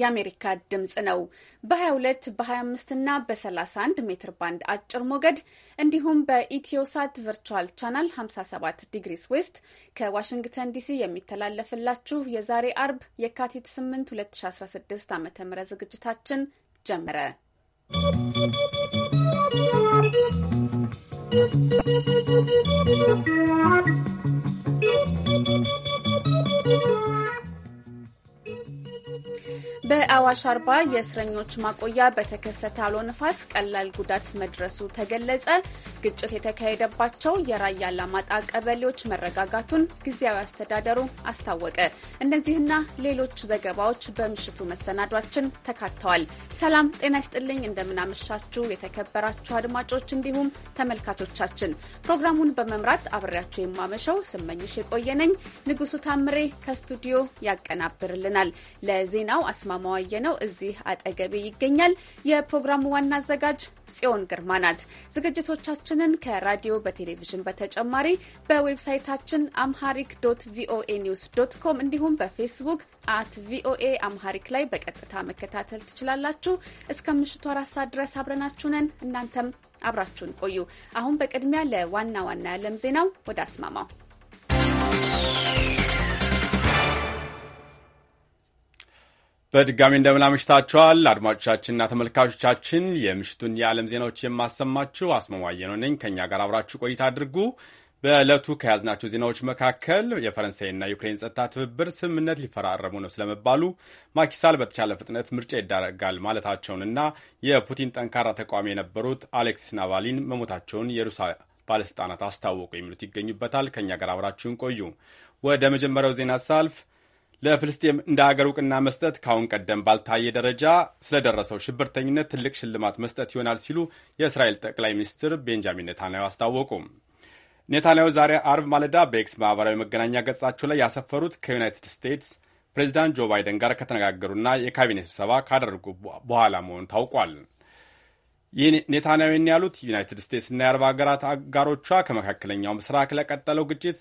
የአሜሪካ ድምፅ ነው። በ22 በ25 እና በ31 ሜትር ባንድ አጭር ሞገድ እንዲሁም በኢትዮሳት ቨርቹዋል ቻናል 57 ዲግሪስ ዌስት ከዋሽንግተን ዲሲ የሚተላለፍላችሁ የዛሬ አርብ የካቲት 8 2016 ዓ ም ዝግጅታችን ጀመረ። ¶¶ በአዋሽ አርባ የእስረኞች ማቆያ በተከሰተ አውሎ ንፋስ ቀላል ጉዳት መድረሱ ተገለጸ። ግጭት የተካሄደባቸው የራያ አላማጣ ቀበሌዎች መረጋጋቱን ጊዜያዊ አስተዳደሩ አስታወቀ። እነዚህና ሌሎች ዘገባዎች በምሽቱ መሰናዷችን ተካተዋል። ሰላም ጤና ይስጥልኝ። እንደምናመሻችሁ የተከበራችሁ አድማጮች እንዲሁም ተመልካቾቻችን። ፕሮግራሙን በመምራት አብሬያችሁ የማመሸው ስመኝሽ የቆየነኝ። ንጉሱ ታምሬ ከስቱዲዮ ያቀናብርልናል። ለዜናው አስማ አስማማው ነው እዚህ አጠገቤ ይገኛል። የፕሮግራሙ ዋና አዘጋጅ ጽዮን ግርማ ናት። ዝግጅቶቻችንን ከራዲዮ በቴሌቪዥን በተጨማሪ በዌብሳይታችን አምሃሪክ ዶት ቪኦኤ ኒውስ ዶት ኮም እንዲሁም በፌስቡክ አት ቪኦኤ አምሃሪክ ላይ በቀጥታ መከታተል ትችላላችሁ። እስከ ምሽቱ አራት ሰዓት ድረስ አብረናችሁ ነን። እናንተም አብራችሁን ቆዩ። አሁን በቅድሚያ ለዋና ዋና የዓለም ዜናው ወደ አስማማው በድጋሚ እንደምናመሽታችኋል አድማጮቻችንና ተመልካቾቻችን፣ የምሽቱን የዓለም ዜናዎች የማሰማችሁ አስመማየ ነው ነኝ። ከእኛ ጋር አብራችሁ ቆይታ አድርጉ። በዕለቱ ከያዝናቸው ዜናዎች መካከል የፈረንሳይና ዩክሬን ጸጥታ ትብብር ስምምነት ሊፈራረሙ ነው ስለመባሉ፣ ማኪሳል በተቻለ ፍጥነት ምርጫ ይዳረጋል ማለታቸውንና የፑቲን ጠንካራ ተቃዋሚ የነበሩት አሌክሲስ ናቫሊን መሞታቸውን የሩሳ ባለሥልጣናት አስታወቁ የሚሉት ይገኙበታል። ከእኛ ጋር አብራችሁን ቆዩ። ወደ መጀመሪያው ዜና ሳልፍ ለፍልስጤም እንደ አገር እውቅና መስጠት ከአሁን ቀደም ባልታየ ደረጃ ስለደረሰው ሽብርተኝነት ትልቅ ሽልማት መስጠት ይሆናል ሲሉ የእስራኤል ጠቅላይ ሚኒስትር ቤንጃሚን ኔታንያሁ አስታወቁ። ኔታንያሁ ዛሬ አርብ ማለዳ በኤክስ ማህበራዊ መገናኛ ገጻቸው ላይ ያሰፈሩት ከዩናይትድ ስቴትስ ፕሬዚዳንት ጆ ባይደን ጋር ከተነጋገሩና የካቢኔ ስብሰባ ካደረጉ በኋላ መሆኑ ታውቋል። ይህ ኔታንያሁን ያሉት ዩናይትድ እና የአረብ ሀገራት አጋሮቿ ከመካከለኛው ምስራቅ ለቀጠለው ግጭት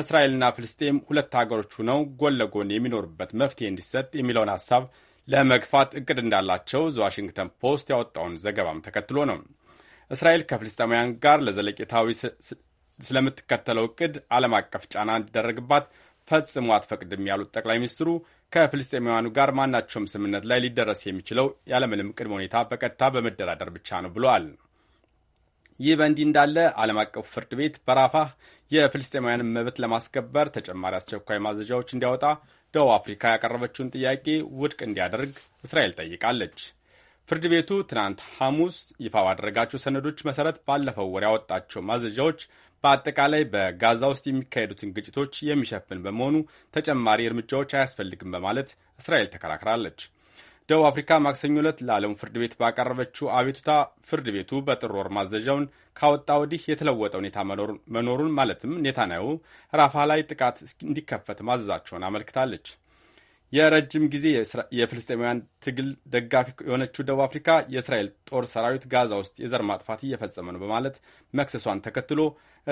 እስራኤልና ፍልስጤም ሁለት ሀገሮች ሆነው ጎን ለጎን የሚኖሩበት መፍትሄ እንዲሰጥ የሚለውን ሀሳብ ለመግፋት እቅድ እንዳላቸው ዘ ዋሽንግተን ፖስት ያወጣውን ዘገባም ተከትሎ ነው። እስራኤል ከፍልስጤማውያን ጋር ለዘለቄታዊ ስለምትከተለው እቅድ ዓለም አቀፍ ጫና እንዲደረግባት ፈጽሞ አትፈቅድም ያሉት ጠቅላይ ሚኒስትሩ ከፍልስጤማውያኑ ጋር ማናቸውም ስምምነት ላይ ሊደረስ የሚችለው ያለምንም ቅድመ ሁኔታ በቀጥታ በመደራደር ብቻ ነው ብለዋል። ይህ በእንዲህ እንዳለ ዓለም አቀፉ ፍርድ ቤት በራፋህ የፍልስጤማውያንን መብት ለማስከበር ተጨማሪ አስቸኳይ ማዘዣዎች እንዲያወጣ ደቡብ አፍሪካ ያቀረበችውን ጥያቄ ውድቅ እንዲያደርግ እስራኤል ጠይቃለች። ፍርድ ቤቱ ትናንት ሐሙስ ይፋ ባደረጋቸው ሰነዶች መሠረት ባለፈው ወር ያወጣቸው ማዘዣዎች በአጠቃላይ በጋዛ ውስጥ የሚካሄዱትን ግጭቶች የሚሸፍን በመሆኑ ተጨማሪ እርምጃዎች አያስፈልግም በማለት እስራኤል ተከራክራለች። ደቡብ አፍሪካ ማክሰኞ ዕለት ለዓለም ፍርድ ቤት ባቀረበችው አቤቱታ ፍርድ ቤቱ በጥር ወር ማዘዣውን ካወጣ ወዲህ የተለወጠ ሁኔታ መኖሩን ማለትም ኔታንያሁ ራፋ ላይ ጥቃት እንዲከፈት ማዘዛቸውን አመልክታለች። የረጅም ጊዜ የፍልስጤማውያን ትግል ደጋፊ የሆነችው ደቡብ አፍሪካ የእስራኤል ጦር ሰራዊት ጋዛ ውስጥ የዘር ማጥፋት እየፈጸመ ነው በማለት መክሰሷን ተከትሎ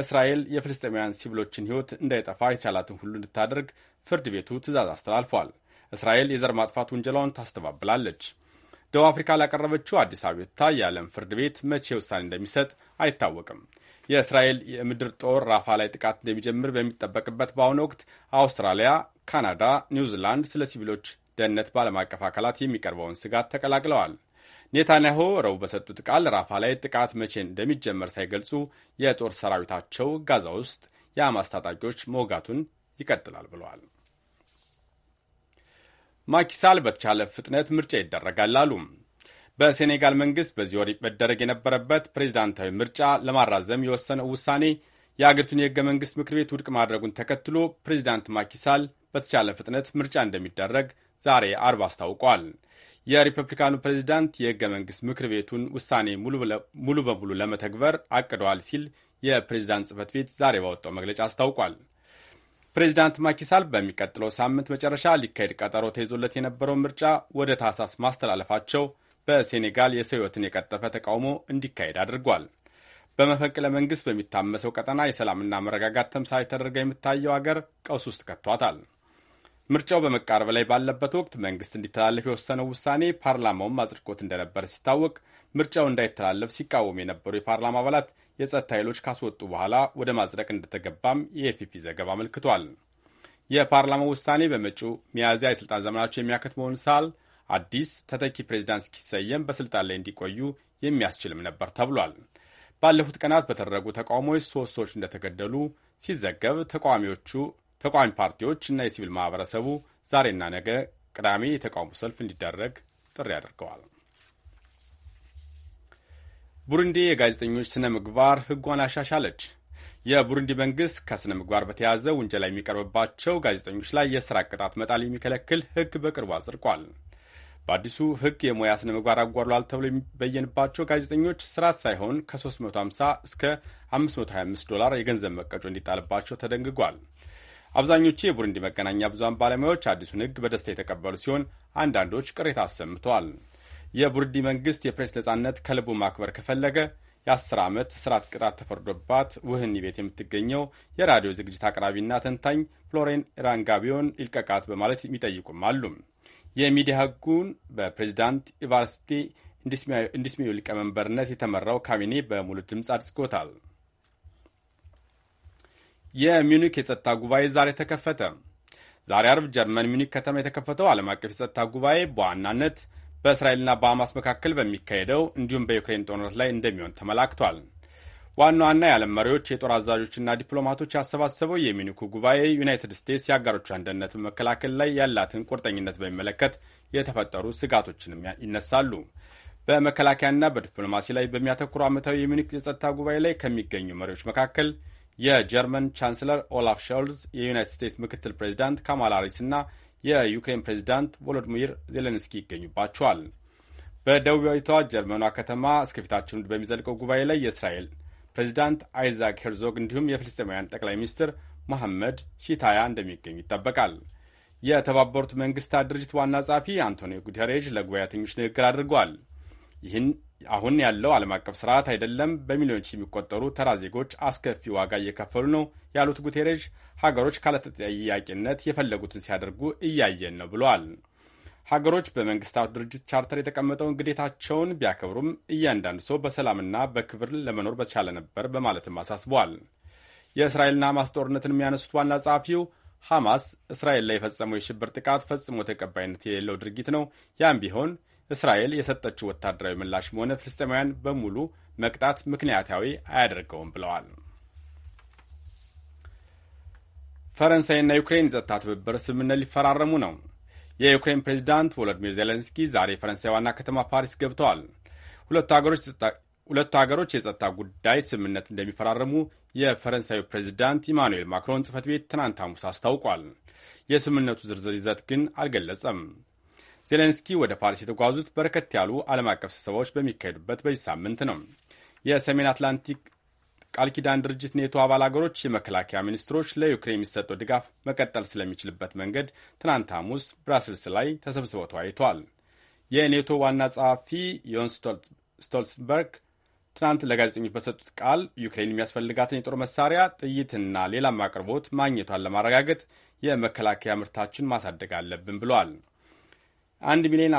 እስራኤል የፍልስጤማውያን ሲቪሎችን ሕይወት እንዳይጠፋ የቻላትን ሁሉ እንድታደርግ ፍርድ ቤቱ ትዕዛዝ አስተላልፏል። እስራኤል የዘር ማጥፋት ውንጀላውን ታስተባብላለች። ደቡብ አፍሪካ ላቀረበችው አዲስ አቤቱታ የዓለም ፍርድ ቤት መቼ ውሳኔ እንደሚሰጥ አይታወቅም። የእስራኤል የምድር ጦር ራፋ ላይ ጥቃት እንደሚጀምር በሚጠበቅበት በአሁኑ ወቅት አውስትራሊያ፣ ካናዳ፣ ኒውዚላንድ ስለ ሲቪሎች ደህንነት በዓለም አቀፍ አካላት የሚቀርበውን ስጋት ተቀላቅለዋል። ኔታንያሁ ረቡዕ በሰጡት ቃል ራፋ ላይ ጥቃት መቼ እንደሚጀመር ሳይገልጹ የጦር ሰራዊታቸው ጋዛ ውስጥ የአማስ ታጣቂዎች መውጋቱን ይቀጥላል ብለዋል። ማኪሳል በተቻለ ፍጥነት ምርጫ ይደረጋል አሉ። በሴኔጋል መንግስት በዚህ ወር መደረግ የነበረበት ፕሬዚዳንታዊ ምርጫ ለማራዘም የወሰነው ውሳኔ የአገሪቱን የህገ መንግስት ምክር ቤት ውድቅ ማድረጉን ተከትሎ ፕሬዚዳንት ማኪሳል በተቻለ ፍጥነት ምርጫ እንደሚደረግ ዛሬ አርብ አስታውቋል። የሪፐብሊካኑ ፕሬዚዳንት የህገ መንግስት ምክር ቤቱን ውሳኔ ሙሉ በሙሉ ለመተግበር አቅደዋል ሲል የፕሬዚዳንት ጽህፈት ቤት ዛሬ ባወጣው መግለጫ አስታውቋል። ፕሬዚዳንት ማኪሳል በሚቀጥለው ሳምንት መጨረሻ ሊካሄድ ቀጠሮ ተይዞለት የነበረው ምርጫ ወደ ታህሳስ ማስተላለፋቸው በሴኔጋል የሰው ሕይወትን የቀጠፈ ተቃውሞ እንዲካሄድ አድርጓል። በመፈንቅለ መንግስት በሚታመሰው ቀጠና የሰላምና መረጋጋት ተምሳሌ ተደርጋ የምታየው አገር ቀውስ ውስጥ ከቷታል። ምርጫው በመቃረብ ላይ ባለበት ወቅት መንግስት እንዲተላለፍ የወሰነው ውሳኔ ፓርላማውም አጽድቆት እንደነበር ሲታወቅ ምርጫው እንዳይተላለፍ ሲቃወሙ የነበሩ የፓርላማ አባላት የጸጥታ ኃይሎች ካስወጡ በኋላ ወደ ማጽደቅ እንደተገባም የኤፍፒ ዘገባ አመልክቷል። የፓርላማው ውሳኔ በመጪው ሚያዝያ የሥልጣን ዘመናቸው የሚያከት መሆን ሳል አዲስ ተተኪ ፕሬዚዳንት እስኪሰየም በስልጣን ላይ እንዲቆዩ የሚያስችልም ነበር ተብሏል። ባለፉት ቀናት በተደረጉ ተቃውሞዎች ሶስት ሰዎች እንደተገደሉ ሲዘገብ ተቃዋሚዎቹ ተቃዋሚ ፓርቲዎች እና የሲቪል ማህበረሰቡ ዛሬና ነገ ቅዳሜ የተቃውሞ ሰልፍ እንዲደረግ ጥሪ አድርገዋል። ቡሩንዲ የጋዜጠኞች ስነ ምግባር ህጓን አሻሻለች። የቡሩንዲ መንግስት ከስነ ምግባር በተያያዘ ውንጀላ የሚቀርብባቸው ጋዜጠኞች ላይ የስራ ቅጣት መጣል የሚከለክል ህግ በቅርቡ አጽድቋል። በአዲሱ ህግ የሙያ ስነ ምግባር አጓድሏል ተብሎ የሚበየንባቸው ጋዜጠኞች ስራት ሳይሆን ከ350 እስከ 525 ዶላር የገንዘብ መቀጮ እንዲጣልባቸው ተደንግጓል። አብዛኞቹ የቡሩንዲ መገናኛ ብዙሃን ባለሙያዎች አዲሱን ህግ በደስታ የተቀበሉ ሲሆን አንዳንዶች ቅሬታ አሰምተዋል። የቡርዲ መንግስት የፕሬስ ነጻነት ከልቡ ማክበር ከፈለገ የአስር ዓመት እስራት ቅጣት ተፈርዶባት ውህኒ ቤት የምትገኘው የራዲዮ ዝግጅት አቅራቢና ተንታኝ ፍሎሬን ራንጋቢዮን ይልቀቃት በማለት የሚጠይቁም አሉ። የሚዲያ ህጉን በፕሬዚዳንት ኢቫርስቲ እንዲስሚዩ ሊቀመንበርነት የተመራው ካቢኔ በሙሉ ድምፅ አድስጎታል። የሚዩኒክ የጸጥታ ጉባኤ ዛሬ ተከፈተ። ዛሬ አርብ ጀርመን ሚዩኒክ ከተማ የተከፈተው ዓለም አቀፍ የጸጥታ ጉባኤ በዋናነት በእስራኤልና በሐማስ መካከል በሚካሄደው እንዲሁም በዩክሬን ጦርነት ላይ እንደሚሆን ተመላክቷል። ዋና ዋና የዓለም መሪዎች፣ የጦር አዛዦችና ዲፕሎማቶች ያሰባሰበው የሚኒኩ ጉባኤ ዩናይትድ ስቴትስ የአጋሮች አንድነት መከላከል ላይ ያላትን ቁርጠኝነት በሚመለከት የተፈጠሩ ስጋቶችንም ይነሳሉ። በመከላከያና በዲፕሎማሲ ላይ በሚያተኩሩ ዓመታዊ የሚኒክ የጸጥታ ጉባኤ ላይ ከሚገኙ መሪዎች መካከል የጀርመን ቻንስለር ኦላፍ ሾልዝ፣ የዩናይትድ ስቴትስ ምክትል ፕሬዚዳንት ካማላ ሃሪስና የዩክሬን ፕሬዚዳንት ቮሎዲሚር ዜሌንስኪ ይገኙባቸዋል። በደቡባዊቷ ጀርመኗ ከተማ እስከፊታችን በሚዘልቀው ጉባኤ ላይ የእስራኤል ፕሬዚዳንት አይዛክ ሄርዞግ እንዲሁም የፍልስጤማውያን ጠቅላይ ሚኒስትር መሐመድ ሺታያ እንደሚገኙ ይጠበቃል። የተባበሩት መንግስታት ድርጅት ዋና ጸሐፊ አንቶኒዮ ጉተሬዥ ለጉባኤተኞች ንግግር አድርገዋል። ይህን አሁን ያለው ዓለም አቀፍ ስርዓት አይደለም። በሚሊዮኖች የሚቆጠሩ ተራ ዜጎች አስከፊ ዋጋ እየከፈሉ ነው ያሉት ጉቴሬዥ ሀገሮች ካለተጠያቂነት የፈለጉትን ሲያደርጉ እያየን ነው ብለዋል። ሀገሮች በመንግስታቱ ድርጅት ቻርተር የተቀመጠውን ግዴታቸውን ቢያከብሩም እያንዳንዱ ሰው በሰላምና በክብር ለመኖር በተቻለ ነበር በማለትም አሳስበዋል። የእስራኤልና ሐማስ ጦርነትን የሚያነሱት ዋና ጸሐፊው ሐማስ እስራኤል ላይ የፈጸመው የሽብር ጥቃት ፈጽሞ ተቀባይነት የሌለው ድርጊት ነው። ያም ቢሆን እስራኤል የሰጠችው ወታደራዊ ምላሽም ሆነ ፍልስጤማውያን በሙሉ መቅጣት ምክንያታዊ አያደርገውም ብለዋል። ፈረንሳይና ዩክሬን የጸጥታ ትብብር ስምምነት ሊፈራረሙ ነው። የዩክሬን ፕሬዚዳንት ቮሎዲሚር ዜሌንስኪ ዛሬ ፈረንሳይ ዋና ከተማ ፓሪስ ገብተዋል። ሁለቱ ሀገሮች የጸጥታ ጉዳይ ስምምነት እንደሚፈራረሙ የፈረንሳዩ ፕሬዚዳንት ኢማኑኤል ማክሮን ጽህፈት ቤት ትናንት ሐሙስ አስታውቋል። የስምምነቱ ዝርዝር ይዘት ግን አልገለጸም። ዜሌንስኪ ወደ ፓሪስ የተጓዙት በርከት ያሉ ዓለም አቀፍ ስብሰባዎች በሚካሄዱበት በዚህ ሳምንት ነው። የሰሜን አትላንቲክ ቃል ኪዳን ድርጅት ኔቶ አባል አገሮች የመከላከያ ሚኒስትሮች ለዩክሬን የሚሰጠው ድጋፍ መቀጠል ስለሚችልበት መንገድ ትናንት ሐሙስ ብራስልስ ላይ ተሰብስበው ተወያይተዋል። የኔቶ ዋና ጸሐፊ ዮን ስቶልትንበርግ ትናንት ለጋዜጠኞች በሰጡት ቃል ዩክሬን የሚያስፈልጋትን የጦር መሳሪያ ጥይትና ሌላም አቅርቦት ማግኘቷን ለማረጋገጥ የመከላከያ ምርታችን ማሳደግ አለብን ብለዋል። አንድ ሚሊዮን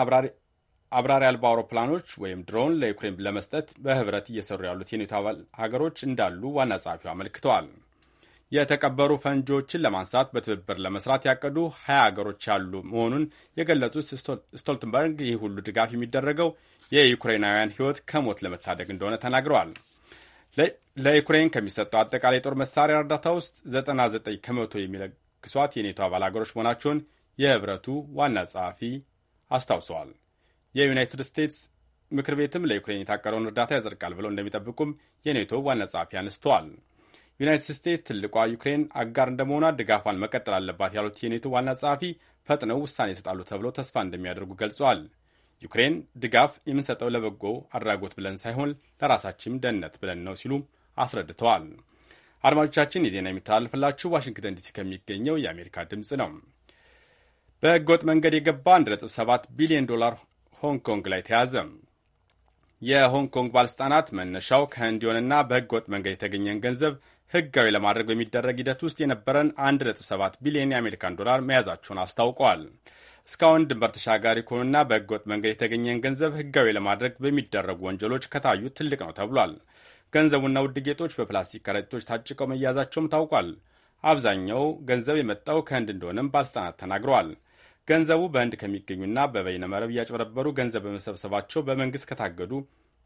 አብራሪ አልባ አውሮፕላኖች ወይም ድሮን ለዩክሬን ለመስጠት በህብረት እየሰሩ ያሉት የኔቶ አባል ሀገሮች እንዳሉ ዋና ጸሐፊው አመልክተዋል። የተቀበሩ ፈንጂዎችን ለማንሳት በትብብር ለመስራት ያቀዱ ሀያ ሀገሮች ያሉ መሆኑን የገለጹት ስቶልትንበርግ ይህ ሁሉ ድጋፍ የሚደረገው የዩክሬናውያን ህይወት ከሞት ለመታደግ እንደሆነ ተናግረዋል። ለዩክሬን ከሚሰጠው አጠቃላይ የጦር መሳሪያ እርዳታ ውስጥ 99 ከመቶ የሚለግሷት የኔቶ አባል ሀገሮች መሆናቸውን የህብረቱ ዋና ጸሐፊ አስታውሰዋል። የዩናይትድ ስቴትስ ምክር ቤትም ለዩክሬን የታቀደውን እርዳታ ያዘርቃል ብለው እንደሚጠብቁም የኔቶ ዋና ጸሐፊ አንስተዋል። ዩናይትድ ስቴትስ ትልቋ ዩክሬን አጋር እንደመሆኗ ድጋፏን መቀጠል አለባት ያሉት የኔቶ ዋና ጸሐፊ ፈጥነው ውሳኔ ይሰጣሉ ተብሎ ተስፋ እንደሚያደርጉ ገልጸዋል። ዩክሬን ድጋፍ የምንሰጠው ለበጎ አድራጎት ብለን ሳይሆን ለራሳችን ደህንነት ብለን ነው ሲሉ አስረድተዋል። አድማጮቻችን፣ የዜና የሚተላለፍላችሁ ዋሽንግተን ዲሲ ከሚገኘው የአሜሪካ ድምፅ ነው። በህገወጥ መንገድ የገባ 1.7 ቢሊዮን ዶላር ሆንግ ኮንግ ላይ ተያዘ። የሆንግ ኮንግ ባለሥልጣናት መነሻው ከህንድ የሆነና በህገወጥ መንገድ የተገኘን ገንዘብ ህጋዊ ለማድረግ በሚደረግ ሂደት ውስጥ የነበረን 1.7 ቢሊዮን የአሜሪካን ዶላር መያዛቸውን አስታውቀዋል። እስካሁን ድንበር ተሻጋሪ ከሆኑና በህገወጥ መንገድ የተገኘን ገንዘብ ህጋዊ ለማድረግ በሚደረጉ ወንጀሎች ከታዩ ትልቅ ነው ተብሏል። ገንዘቡና ውድ ጌጦች በፕላስቲክ ከረጢቶች ታጭቀው መያዛቸውም ታውቋል። አብዛኛው ገንዘብ የመጣው ከህንድ እንደሆነም ባለስልጣናት ተናግረዋል። ገንዘቡ በህንድ ከሚገኙና በበይነ መረብ እያጭበረበሩ ገንዘብ በመሰብሰባቸው በመንግስት ከታገዱ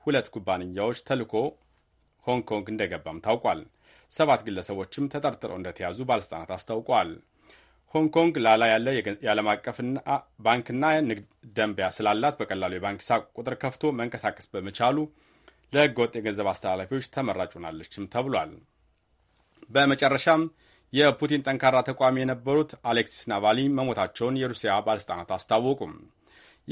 ሁለት ኩባንያዎች ተልኮ ሆንግ ኮንግ እንደገባም ታውቋል። ሰባት ግለሰቦችም ተጠርጥረው እንደተያዙ ባለስልጣናት አስታውቋል። ሆንግ ኮንግ ላላ ያለ የዓለም አቀፍ ባንክና ንግድ ደንቢያ ስላላት በቀላሉ የባንክ ሂሳብ ቁጥር ከፍቶ መንቀሳቀስ በመቻሉ ለህገ ወጥ የገንዘብ አስተላላፊዎች ተመራጭ ሆናለችም ተብሏል። በመጨረሻም የፑቲን ጠንካራ ተቋሚ የነበሩት አሌክሲስ ናቫልኒ መሞታቸውን የሩሲያ ባለሥልጣናት አስታወቁም።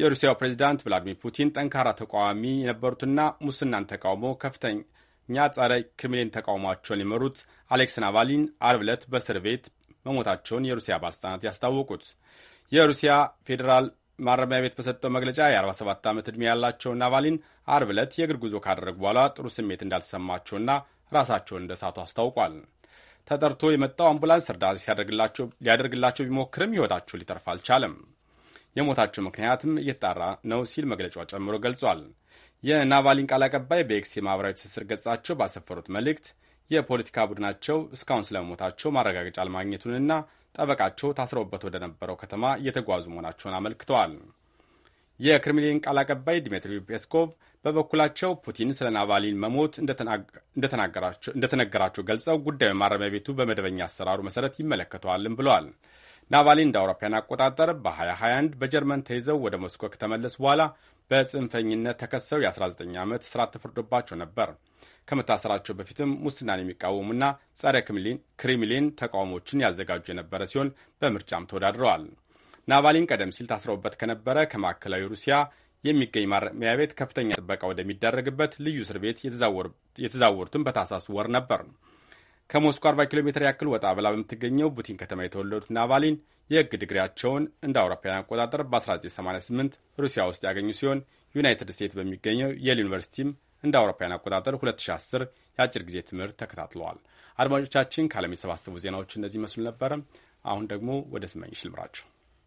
የሩሲያው ፕሬዚዳንት ቭላዲሚር ፑቲን ጠንካራ ተቃዋሚ የነበሩትና ሙስናን ተቃውሞ ከፍተኛ ጸረ ክሬምሊን ተቃውሟቸውን የመሩት አሌክስ ናቫሊን አርብ ዕለት በእስር ቤት መሞታቸውን የሩሲያ ባለሥልጣናት ያስታወቁት የሩሲያ ፌዴራል ማረሚያ ቤት በሰጠው መግለጫ የ47 ዓመት ዕድሜ ያላቸው ናቫሊን አርብ ዕለት የእግር ጉዞ ካደረጉ በኋላ ጥሩ ስሜት እንዳልተሰማቸውና ራሳቸውን እንደሳቱ አስታውቋል። ተጠርቶ የመጣው አምቡላንስ እርዳታ ሊያደርግላቸው ቢሞክርም ሕይወታቸው ሊተርፍ አልቻለም። የሞታቸው ምክንያትም እየተጣራ ነው ሲል መግለጫው ጨምሮ ገልጿል። የናቫሊን ቃል አቀባይ በኤክስ የማኅበራዊ ትስስር ገጻቸው ባሰፈሩት መልእክት የፖለቲካ ቡድናቸው እስካሁን ስለመሞታቸው ማረጋገጫ አለማግኘቱንና ጠበቃቸው ታስረውበት ወደ ነበረው ከተማ እየተጓዙ መሆናቸውን አመልክተዋል። የክሬምሊን ቃል አቀባይ ዲሚትሪ ፔስኮቭ በበኩላቸው ፑቲን ስለ ናቫሊን መሞት እንደተነገራቸው ገልጸው ጉዳዩ ማረሚያ ቤቱ በመደበኛ አሰራሩ መሰረት ይመለከተዋልም ብለዋል። ናቫሊን እንደ አውሮፓውያን አቆጣጠር በ2021 በጀርመን ተይዘው ወደ ሞስኮ ከተመለሱ በኋላ በጽንፈኝነት ተከሰው የ19 ዓመት እስራት ተፈርዶባቸው ነበር። ከመታሰራቸው በፊትም ሙስናን የሚቃወሙና ጸረ ክሬምሊን ተቃውሞችን ያዘጋጁ የነበረ ሲሆን በምርጫም ተወዳድረዋል። ናቫሊን ቀደም ሲል ታስረውበት ከነበረ ከማዕከላዊ ሩሲያ የሚገኝ ማረሚያ ቤት ከፍተኛ ጥበቃ ወደሚደረግበት ልዩ እስር ቤት የተዛወሩትን በታሳሱ ወር ነበር። ከሞስኮ 40 ኪሎ ሜትር ያክል ወጣ ብላ በምትገኘው ቡቲን ከተማ የተወለዱት ናቫሊን የሕግ ድግሪያቸውን እንደ አውሮፓውያን አቆጣጠር በ1988 ሩሲያ ውስጥ ያገኙ ሲሆን ዩናይትድ ስቴትስ በሚገኘው የል ዩኒቨርሲቲም እንደ አውሮፓውያን አቆጣጠር 2010 የአጭር ጊዜ ትምህርት ተከታትለዋል። አድማጮቻችን ከዓለም የሰባሰቡ ዜናዎች እነዚህ ይመስሉ ነበረ። አሁን ደግሞ ወደ ስመኝሽ ልምራችሁ።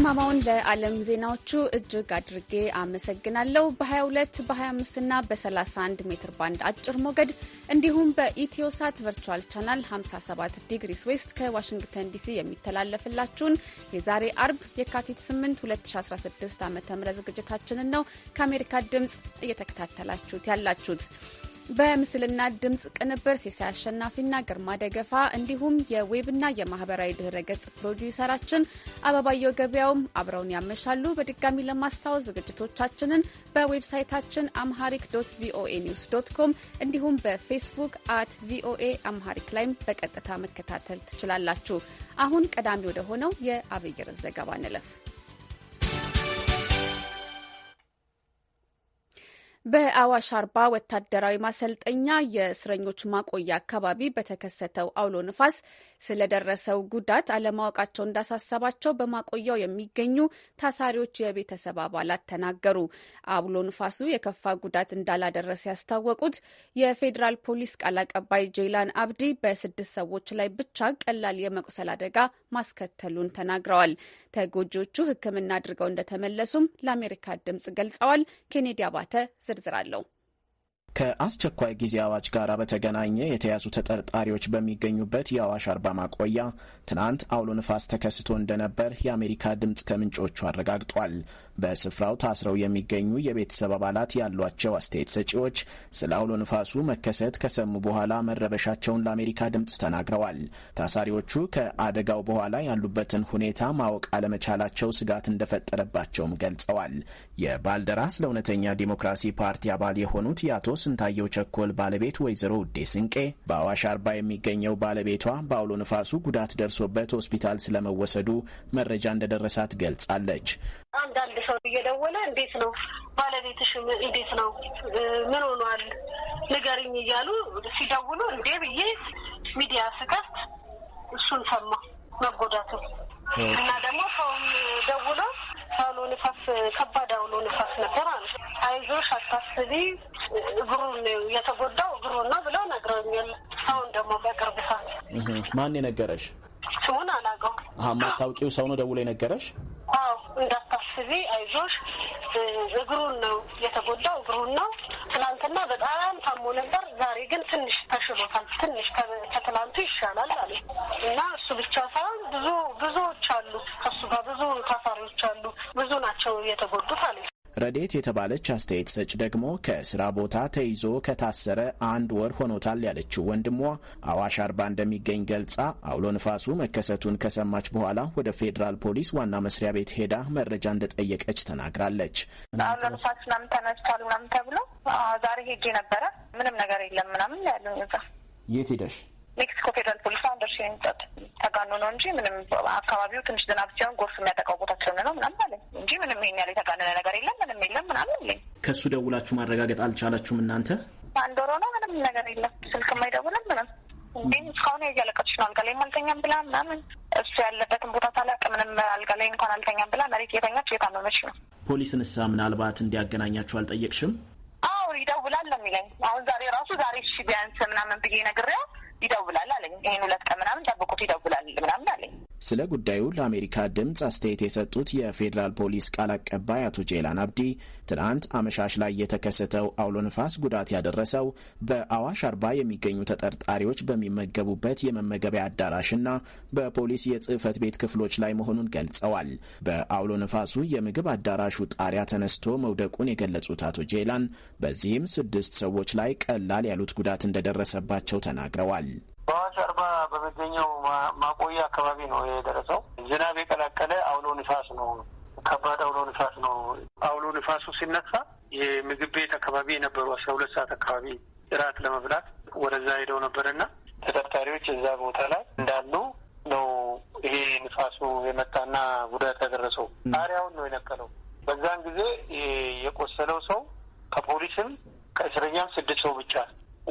አስማማውን ለዓለም ዜናዎቹ እጅግ አድርጌ አመሰግናለሁ። በ22 በ25ና በ31 ሜትር ባንድ አጭር ሞገድ እንዲሁም በኢትዮሳት ቨርቹዋል ቻናል 57 ዲግሪስ ዌስት ከዋሽንግተን ዲሲ የሚተላለፍላችሁን የዛሬ አርብ የካቲት 8 2016 ዓ ም ዝግጅታችንን ነው ከአሜሪካ ድምፅ እየተከታተላችሁት ያላችሁት። በምስልና ድምፅ ቅንብር ሲሳይ አሸናፊና ግርማ ደገፋ እንዲሁም የዌብና የማህበራዊ ድህረገጽ ፕሮዲውሰራችን አበባየው ገበያውም አብረውን ያመሻሉ። በድጋሚ ለማስታወስ ዝግጅቶቻችንን በዌብሳይታችን አምሃሪክ ዶት ቪኦኤ ኒውስ ዶት ኮም እንዲሁም በፌስቡክ አት ቪኦኤ አምሃሪክ ላይም በቀጥታ መከታተል ትችላላችሁ። አሁን ቀዳሚ ወደ ሆነው የአብይር ዘገባ እንለፍ። በአዋሽ አርባ ወታደራዊ ማሰልጠኛ የእስረኞች ማቆያ አካባቢ በተከሰተው አውሎ ንፋስ ስለደረሰው ጉዳት አለማወቃቸው እንዳሳሰባቸው በማቆያው የሚገኙ ታሳሪዎች የቤተሰብ አባላት ተናገሩ። አውሎ ንፋሱ የከፋ ጉዳት እንዳላደረሰ ያስታወቁት የፌዴራል ፖሊስ ቃል አቀባይ ጄይላን አብዲ በስድስት ሰዎች ላይ ብቻ ቀላል የመቁሰል አደጋ ማስከተሉን ተናግረዋል። ተጎጂዎቹ ሕክምና አድርገው እንደተመለሱም ለአሜሪካ ድምጽ ገልጸዋል። ኬኔዲ አባተ ዝርዝር አለው። ከአስቸኳይ ጊዜ አዋጅ ጋር በተገናኘ የተያዙ ተጠርጣሪዎች በሚገኙበት የአዋሽ አርባ ማቆያ ትናንት አውሎ ንፋስ ተከስቶ እንደነበር የአሜሪካ ድምፅ ከምንጮቹ አረጋግጧል። በስፍራው ታስረው የሚገኙ የቤተሰብ አባላት ያሏቸው አስተያየት ሰጪዎች ስለ አውሎ ንፋሱ መከሰት ከሰሙ በኋላ መረበሻቸውን ለአሜሪካ ድምፅ ተናግረዋል። ታሳሪዎቹ ከአደጋው በኋላ ያሉበትን ሁኔታ ማወቅ አለመቻላቸው ስጋት እንደፈጠረባቸውም ገልጸዋል። የባልደራስ ለእውነተኛ ዲሞክራሲ ፓርቲ አባል የሆኑት የአቶ ስንታየው ቸኮል ባለቤት ወይዘሮ ውዴ ስንቄ በአዋሽ አርባ የሚገኘው ባለቤቷ በአውሎ ነፋሱ ጉዳት ደርሶበት ሆስፒታል ስለመወሰዱ መረጃ እንደደረሳት ገልጻለች። አንዳንድ ሰው እየደወለ እንዴት ነው ባለቤትሽ እንዴት ነው ምን ሆኗል ንገርኝ እያሉ ሲደውሉ እንዴ ብዬ ሚዲያ ስከፍት እሱን ሰማ መጎዳቱ እና ደግሞ ሰውም ደውሎ አውሎ ንፋስ ከባድ አውሎ ንፋስ ነበር አሉ። አይዞሽ አታስቢ እግሩ የተጎዳው እግሩ ነው ብለው ነግረውኛል። ሰውን ደግሞ በቅርብ ሰዓት ማን የነገረሽ? ስሙን አላውቀውም። የማታውቂው ሰው ነው ደውሎ የነገረሽ? አዎ እንዳታስቢ፣ አይዞሽ እግሩን ነው የተጎዳው፣ እግሩን ነው። ትናንትና በጣም ታሞ ነበር። ዛሬ ግን ትንሽ ተሽሎታል። ትንሽ ከትላንቱ ይሻላል አለ እና እሱ ብቻ ሳይሆን ብዙ ብዙዎች አሉ፣ ከሱ ጋር ብዙ ታሳሪዎች አሉ። ብዙ ናቸው የተጎዱት አለ። ረዴት የተባለች አስተያየት ሰጭ ደግሞ ከስራ ቦታ ተይዞ ከታሰረ አንድ ወር ሆኖታል ያለችው ወንድሟ አዋሽ አርባ እንደሚገኝ ገልጻ አውሎ ንፋሱ መከሰቱን ከሰማች በኋላ ወደ ፌዴራል ፖሊስ ዋና መስሪያ ቤት ሄዳ መረጃ እንደጠየቀች ተናግራለች። አውሎ ንፋስ ምናምን ተነስቷል ምናምን ተብሎ ዛሬ ሄጄ ነበረ። ምንም ነገር የለም ምናምን ያሉኝ እዛ። የት ሄደሽ? ሜክሲኮ ፌደራል ፖሊስ አንደርሽ የሚጠት ተጋኖ ነው እንጂ ምንም አካባቢው ትንሽ ዝናብ ሲሆን ጎርፍ የሚያጠቃው ቦታ ስለሆነ ነው ምናምን አለ እንጂ ምንም ይሄን ያለ የተጋነነ ነገር የለም ምንም የለም ምናምን ለ ከእሱ ደውላችሁ ማረጋገጥ አልቻላችሁም እናንተ? አንድ ወር ነው ምንም ነገር የለም ስልክም አይደውልም ምንም ግን እስካሁን እያለቀች ነው። አልጋ ላይም አልተኛም ብላ ምናምን እሱ ያለበትን ቦታ ታላቅ ምንም አልጋ ላይ እንኳን አልተኛም ብላ መሬት እየተኛች እየታመመች ነው። ፖሊስን እሳ ምናልባት እንዲያገናኛችሁ አልጠየቅሽም? አዎ ይደውላል ነው የሚለኝ። አሁን ዛሬ ራሱ ዛሬ ቢያንስ ምናምን ብዬ ነግሬው ይደውላል አለኝ። ይህን ሁለት ቀን ምናምን ጠብቁት ይደውላል ምናምን አለኝ። ስለ ጉዳዩ ለአሜሪካ ድምፅ አስተያየት የሰጡት የፌዴራል ፖሊስ ቃል አቀባይ አቶ ጄላን አብዲ ትናንት አመሻሽ ላይ የተከሰተው አውሎ ንፋስ ጉዳት ያደረሰው በአዋሽ አርባ የሚገኙ ተጠርጣሪዎች በሚመገቡበት የመመገቢያ አዳራሽና በፖሊስ የጽህፈት ቤት ክፍሎች ላይ መሆኑን ገልጸዋል። በአውሎ ንፋሱ የምግብ አዳራሹ ጣሪያ ተነስቶ መውደቁን የገለጹት አቶ ጄላን በዚህም ስድስት ሰዎች ላይ ቀላል ያሉት ጉዳት እንደደረሰባቸው ተናግረዋል። በአዋሽ አርባ በሚገኘው ማቆያ አካባቢ ነው የደረሰው። ዝናብ የቀላቀለ አውሎ ንፋስ ነው፣ ከባድ አውሎ ንፋስ ነው። አውሎ ንፋሱ ሲነሳ የምግብ ቤት አካባቢ የነበሩ አስራ ሁለት ሰዓት አካባቢ እራት ለመብላት ወደዛ ሄደው ነበርና ተጠርጣሪዎች እዛ ቦታ ላይ እንዳሉ ነው ይሄ ንፋሱ የመጣና ጉዳት ያደረሰው። ጣሪያውን ነው የነቀለው። በዛን ጊዜ የቆሰለው ሰው ከፖሊስም ከእስረኛም ስድስት ሰው ብቻ።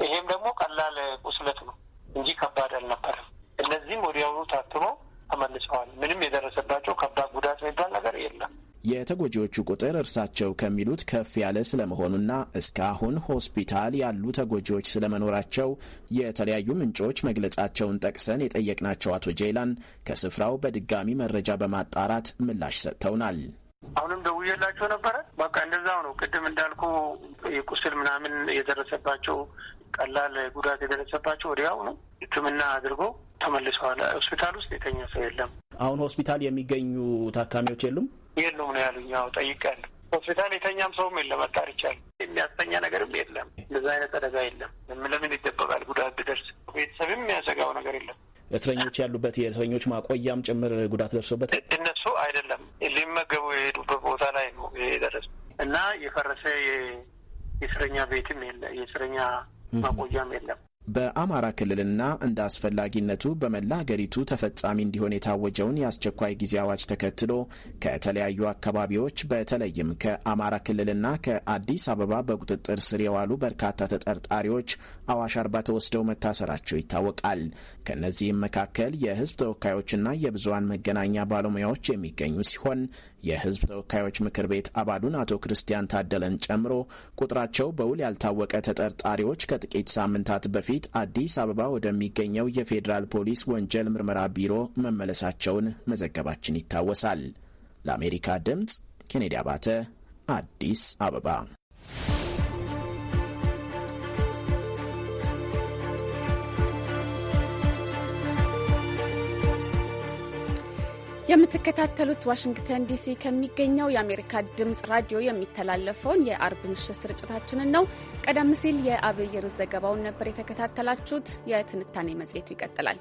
ይሄም ደግሞ ቀላል ቁስለት ነው። እንጂ ከባድ አልነበረም። እነዚህም ወዲያውኑ ታትመው ተመልሰዋል። ምንም የደረሰባቸው ከባድ ጉዳት የሚባል ነገር የለም። የተጎጂዎቹ ቁጥር እርሳቸው ከሚሉት ከፍ ያለ ስለመሆኑና እስካሁን ሆስፒታል ያሉ ተጎጂዎች ስለመኖራቸው የተለያዩ ምንጮች መግለጻቸውን ጠቅሰን የጠየቅናቸው አቶ ጄይላን ከስፍራው በድጋሚ መረጃ በማጣራት ምላሽ ሰጥተውናል። አሁንም ደውዬላቸው ነበረ። በቃ እንደዛው ነው። ቅድም እንዳልኩ የቁስል ምናምን የደረሰባቸው ቀላል ጉዳት የደረሰባቸው ወዲያው ነው ሕክምና አድርገው ተመልሰዋል። ሆስፒታል ውስጥ የተኛ ሰው የለም። አሁን ሆስፒታል የሚገኙ ታካሚዎች የሉም የሉም ነው ያሉኝ። ያው ጠይቄያለሁ። ሆስፒታል የተኛም ሰውም የለም። አጣርቻል። የሚያስተኛ ነገርም የለም። እንደዛ አይነት አደጋ የለም። ለምን ይደበቃል? ጉዳት ቢደርስ ቤተሰብም የሚያሰጋው ነገር የለም። እስረኞች ያሉበት የእስረኞች ማቆያም ጭምር ጉዳት ደርሶበት እነሱ አይደለም ሊመገቡ የሄዱበት ቦታ ላይ ነው ይሄ ደረሱ እና የፈረሰ የእስረኛ ቤትም የለ የእስረኛ 我不讲别的。በአማራ ክልልና እንደ አስፈላጊነቱ በመላ አገሪቱ ተፈጻሚ እንዲሆን የታወጀውን የአስቸኳይ ጊዜ አዋጅ ተከትሎ ከተለያዩ አካባቢዎች በተለይም ከአማራ ክልልና ከአዲስ አበባ በቁጥጥር ስር የዋሉ በርካታ ተጠርጣሪዎች አዋሽ አርባ ተወስደው መታሰራቸው ይታወቃል። ከእነዚህም መካከል የህዝብ ተወካዮችና የብዙሃን መገናኛ ባለሙያዎች የሚገኙ ሲሆን የህዝብ ተወካዮች ምክር ቤት አባሉን አቶ ክርስቲያን ታደለን ጨምሮ ቁጥራቸው በውል ያልታወቀ ተጠርጣሪዎች ከጥቂት ሳምንታት በፊት መጋቢት አዲስ አበባ ወደሚገኘው የፌዴራል ፖሊስ ወንጀል ምርመራ ቢሮ መመለሳቸውን መዘገባችን ይታወሳል። ለአሜሪካ ድምፅ ኬኔዲ አባተ አዲስ አበባ የምትከታተሉት ዋሽንግተን ዲሲ ከሚገኘው የአሜሪካ ድምፅ ራዲዮ የሚተላለፈውን የአርብ ምሽት ስርጭታችንን ነው። ቀደም ሲል የአብይር ዘገባውን ነበር የተከታተላችሁት። የትንታኔ መጽሔቱ ይቀጥላል።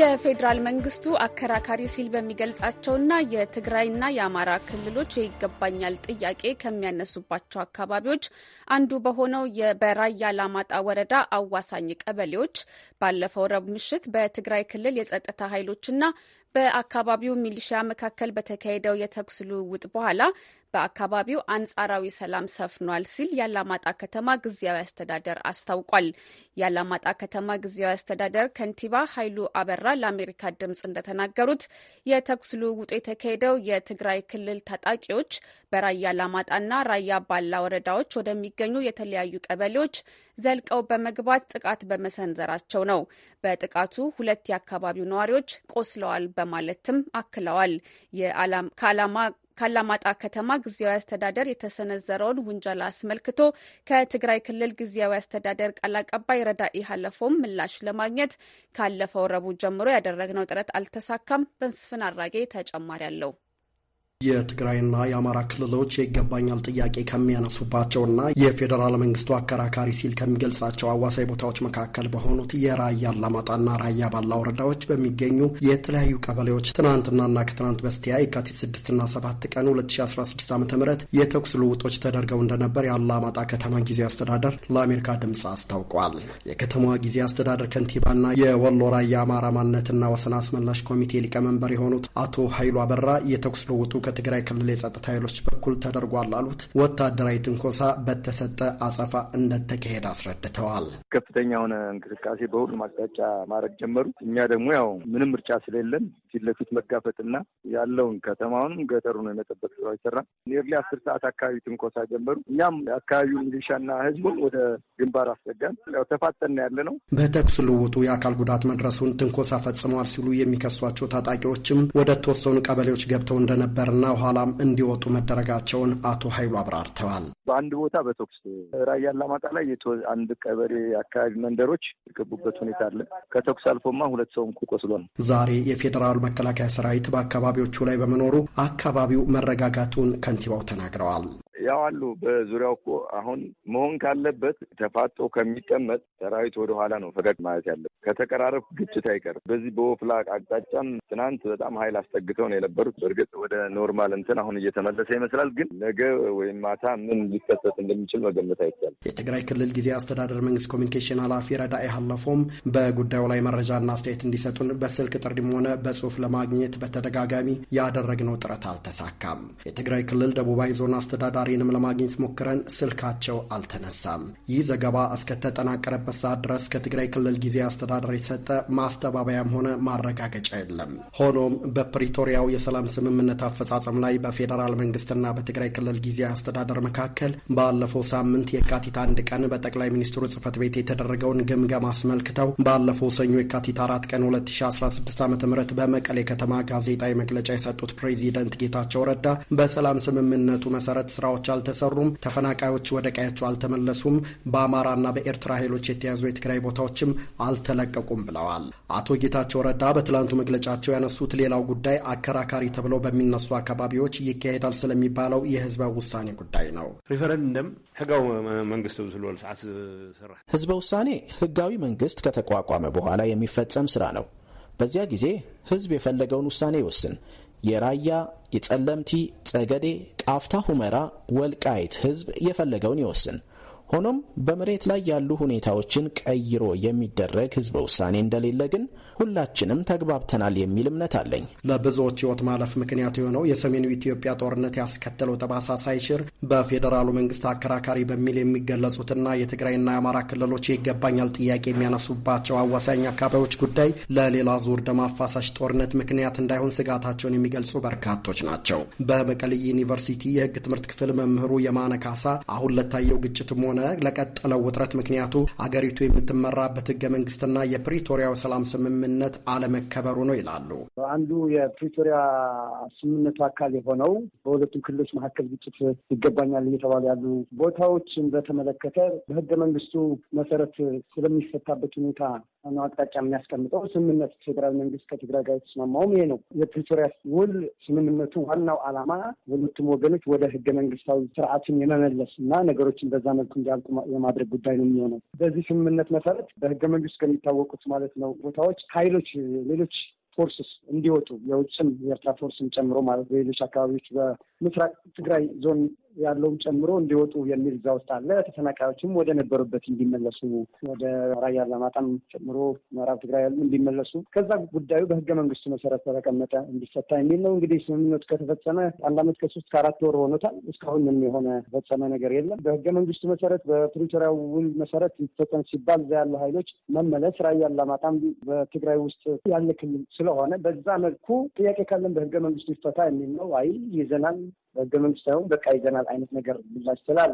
የፌዴራል መንግስቱ አከራካሪ ሲል በሚገልጻቸውና የትግራይና የአማራ ክልሎች የይገባኛል ጥያቄ ከሚያነሱባቸው አካባቢዎች አንዱ በሆነው በራያ ላማጣ ወረዳ አዋሳኝ ቀበሌዎች ባለፈው ረብ ምሽት በትግራይ ክልል የጸጥታ ኃይሎችና በአካባቢው ሚሊሺያ መካከል በተካሄደው የተኩስ ልውውጥ በኋላ በአካባቢው አንጻራዊ ሰላም ሰፍኗል ሲል የአላማጣ ከተማ ጊዜያዊ አስተዳደር አስታውቋል። የአላማጣ ከተማ ጊዜያዊ አስተዳደር ከንቲባ ኃይሉ አበራ ለአሜሪካ ድምፅ እንደተናገሩት የተኩስ ልውውጡ የተካሄደው የትግራይ ክልል ታጣቂዎች በራያ አላማጣና ራያ ባላ ወረዳዎች ወደሚገኙ የተለያዩ ቀበሌዎች ዘልቀው በመግባት ጥቃት በመሰንዘራቸው ነው። በጥቃቱ ሁለት የአካባቢው ነዋሪዎች ቆስለዋል በማለትም አክለዋል። ከአላማ ካላማጣ ከተማ ጊዜያዊ አስተዳደር የተሰነዘረውን ውንጀላ አስመልክቶ ከትግራይ ክልል ጊዜያዊ አስተዳደር ቃል አቀባይ ረዳኢ ሀለፎም ምላሽ ለማግኘት ካለፈው ረቡዕ ጀምሮ ያደረግነው ጥረት አልተሳካም። መስፍን አራጌ ተጨማሪ አለው። የትግራይና የአማራ ክልሎች የይገባኛል ጥያቄ ከሚያነሱባቸውና የፌዴራል መንግስቱ አከራካሪ ሲል ከሚገልጻቸው አዋሳኝ ቦታዎች መካከል በሆኑት የራያ አላማጣና ራያ ባላ ወረዳዎች በሚገኙ የተለያዩ ቀበሌዎች ትናንትናና ከትናንት በስቲያ የካቲት 6ና ቀን 2016 ዓ ም የተኩስ ልውጦች ተደርገው እንደነበር የአላማጣ ከተማ ጊዜ አስተዳደር ለአሜሪካ ድምፅ አስታውቋል። የከተማዋ ጊዜ አስተዳደር ከንቲባና የወሎ ራያ አማራ ማንነትና ወሰን አስመላሽ ኮሚቴ ሊቀመንበር የሆኑት አቶ ኃይሉ አበራ የተኩስ ልውጡ ከትግራይ ክልል የጸጥታ ኃይሎች በኩል ተደርጓል ላሉት ወታደራዊ ትንኮሳ በተሰጠ አጸፋ እንደተካሄደ አስረድተዋል። ከፍተኛ የሆነ እንቅስቃሴ በሁሉም አቅጣጫ ማድረግ ጀመሩ። እኛ ደግሞ ያው ምንም ምርጫ ስለሌለን ፊት ለፊት መጋፈጥና ያለውን ከተማውንም ገጠሩን የመጠበቅ ስራ ይሰራ። ኔርሊ አስር ሰዓት አካባቢ ትንኮሳ ጀመሩ። እኛም አካባቢውን ሚሊሻና ህዝቡን ወደ ግንባር አስጠጋን። ያው ተፋጠና ያለ ነው። በተኩስ ልውጡ የአካል ጉዳት መድረሱን ትንኮሳ ፈጽመዋል ሲሉ የሚከሷቸው ታጣቂዎችም ወደ ተወሰኑ ቀበሌዎች ገብተው እንደነበርና ከመኪናና ኋላም እንዲወጡ መደረጋቸውን አቶ ኃይሉ አብራርተዋል። በአንድ ቦታ በተኩስ ራያ አላማጣ ላይ አንድ ቀበሌ አካባቢ መንደሮች የገቡበት ሁኔታ አለ። ከተኩስ አልፎማ ሁለት ሰውም እንኳ ቆስሏል። ዛሬ የፌዴራሉ መከላከያ ሰራዊት በአካባቢዎቹ ላይ በመኖሩ አካባቢው መረጋጋቱን ከንቲባው ተናግረዋል። ያው አሉ በዙሪያው እኮ አሁን መሆን ካለበት ተፋጦ ከሚቀመጥ ሰራዊት ወደ ኋላ ነው ፈቀቅ ማለት ያለበት። ከተቀራረብ ግጭት አይቀርም። በዚህ በወፍላ አቅጣጫም ትናንት በጣም ኃይል አስጠግተው ነው የነበሩት። በእርግጥ ወደ ኖርማል እንትን አሁን እየተመለሰ ይመስላል። ግን ነገ ወይም ማታ ምን ሊከሰት እንደሚችል መገመት አይቻልም። የትግራይ ክልል ጊዜ አስተዳደር መንግስት ኮሚኒኬሽን ኃላፊ ረዳኢ ሃለፎም በጉዳዩ ላይ መረጃና አስተያየት እንዲሰጡን በስልክ ጥሪም ሆነ በጽሁፍ ለማግኘት በተደጋጋሚ ያደረግነው ጥረት አልተሳካም። የትግራይ ክልል ደቡባዊ ዞን አስተዳዳሪ ዛሬንም ለማግኘት ሞክረን ስልካቸው አልተነሳም። ይህ ዘገባ እስከተጠናቀረበት ሰዓት ድረስ ከትግራይ ክልል ጊዜ አስተዳደር የተሰጠ ማስተባበያም ሆነ ማረጋገጫ የለም። ሆኖም በፕሪቶሪያው የሰላም ስምምነት አፈጻጸም ላይ በፌዴራል መንግስትና በትግራይ ክልል ጊዜ አስተዳደር መካከል ባለፈው ሳምንት የካቲት አንድ ቀን በጠቅላይ ሚኒስትሩ ጽህፈት ቤት የተደረገውን ግምገማ አስመልክተው ባለፈው ሰኞ የካቲት አራት ቀን 2016 ዓ ም በመቀሌ ከተማ ጋዜጣዊ መግለጫ የሰጡት ፕሬዚደንት ጌታቸው ረዳ በሰላም ስምምነቱ መሰረት ስራ ስራዎች አልተሰሩም፣ ተፈናቃዮች ወደ ቀያቸው አልተመለሱም፣ በአማራና በኤርትራ ኃይሎች የተያዙ የትግራይ ቦታዎችም አልተለቀቁም ብለዋል። አቶ ጌታቸው ረዳ በትላንቱ መግለጫቸው ያነሱት ሌላው ጉዳይ አከራካሪ ተብለው በሚነሱ አካባቢዎች ይካሄዳል ስለሚባለው የህዝበ ውሳኔ ጉዳይ ነው። ሪፈረንደም ህጋዊ መንግስት ህዝበ ውሳኔ ህጋዊ መንግስት ከተቋቋመ በኋላ የሚፈጸም ስራ ነው። በዚያ ጊዜ ህዝብ የፈለገውን ውሳኔ ይወስን። የራያ የጸለምቲ፣ ጸገዴ፣ ቃፍታ፣ ሁመራ፣ ወልቃይት ህዝብ የፈለገውን ይወስን። ሆኖም በመሬት ላይ ያሉ ሁኔታዎችን ቀይሮ የሚደረግ ህዝበ ውሳኔ እንደሌለ ግን ሁላችንም ተግባብተናል የሚል እምነት አለኝ። ለብዙዎች ህይወት ማለፍ ምክንያት የሆነው የሰሜኑ ኢትዮጵያ ጦርነት ያስከተለው ጠባሳ ሳይሽር በፌዴራሉ መንግስት አከራካሪ በሚል የሚገለጹትና የትግራይና የአማራ ክልሎች ይገባኛል ጥያቄ የሚያነሱባቸው አዋሳኝ አካባቢዎች ጉዳይ ለሌላ ዙር ደም አፋሳሽ ጦርነት ምክንያት እንዳይሆን ስጋታቸውን የሚገልጹ በርካቶች ናቸው። በመቀሌ ዩኒቨርሲቲ የህግ ትምህርት ክፍል መምህሩ የማነ ካሳ አሁን ለታየው ግጭትም ሆነ ለቀጠለው ውጥረት ምክንያቱ አገሪቱ የምትመራበት ህገ መንግስትና የፕሪቶሪያው ሰላም ስምምነት ስምምነት አለመከበሩ ነው ይላሉ። አንዱ የፕሪቶሪያ ስምምነቱ አካል የሆነው በሁለቱም ክልሎች መካከል ግጭት ይገባኛል እየተባሉ ያሉ ቦታዎችን በተመለከተ በህገ መንግስቱ መሰረት ስለሚፈታበት ሁኔታ ነው አቅጣጫ የሚያስቀምጠው ስምምነት። ፌዴራል መንግስት ከትግራይ ጋር የተስማማውም ይሄ ነው። የፕሪቶሪያ ውል ስምምነቱ ዋናው ዓላማ ሁለቱም ወገኖች ወደ ህገ መንግስታዊ ስርዓትን የመመለስ እና ነገሮችን በዛ መልኩ እንዲያልቁ የማድረግ ጉዳይ ነው የሚሆነው። በዚህ ስምምነት መሰረት በህገ መንግስት ከሚታወቁት ማለት ነው ቦታዎች ኃይሎች ሌሎች ፎርስስ እንዲወጡ የውጭም የኤርትራ ፎርስን ጨምሮ ማለት በሌሎች አካባቢዎች በምስራቅ ትግራይ ዞን ያለውን ጨምሮ እንዲወጡ የሚል እዛ ውስጥ አለ። ተፈናቃዮችም ወደ ነበሩበት እንዲመለሱ ወደ ራያ አላማጣም ጨምሮ ምዕራብ ትግራይ ያሉ እንዲመለሱ ከዛ ጉዳዩ በህገ መንግስቱ መሰረት ተተቀመጠ እንዲፈታ የሚል ነው። እንግዲህ ስምምነቱ ከተፈጸመ አንድ አመት ከሶስት ከአራት ወር ሆኖታል። እስካሁን ምንም የሆነ ተፈጸመ ነገር የለም። በህገ መንግስቱ መሰረት በፕሪቶሪያው ውል መሰረት እንዲፈጸም ሲባል እዛ ያሉ ሀይሎች መመለስ ራያ አላማጣም በትግራይ ውስጥ ያለ ክልል ስለሆነ በዛ መልኩ ጥያቄ ካለን በህገ መንግስቱ ይፈታ የሚል ነው። አይ ይዘናል በህገ መንግስት ሳይሆን በቃ ይዘናል አይነት ነገር ምላሽ ስላለ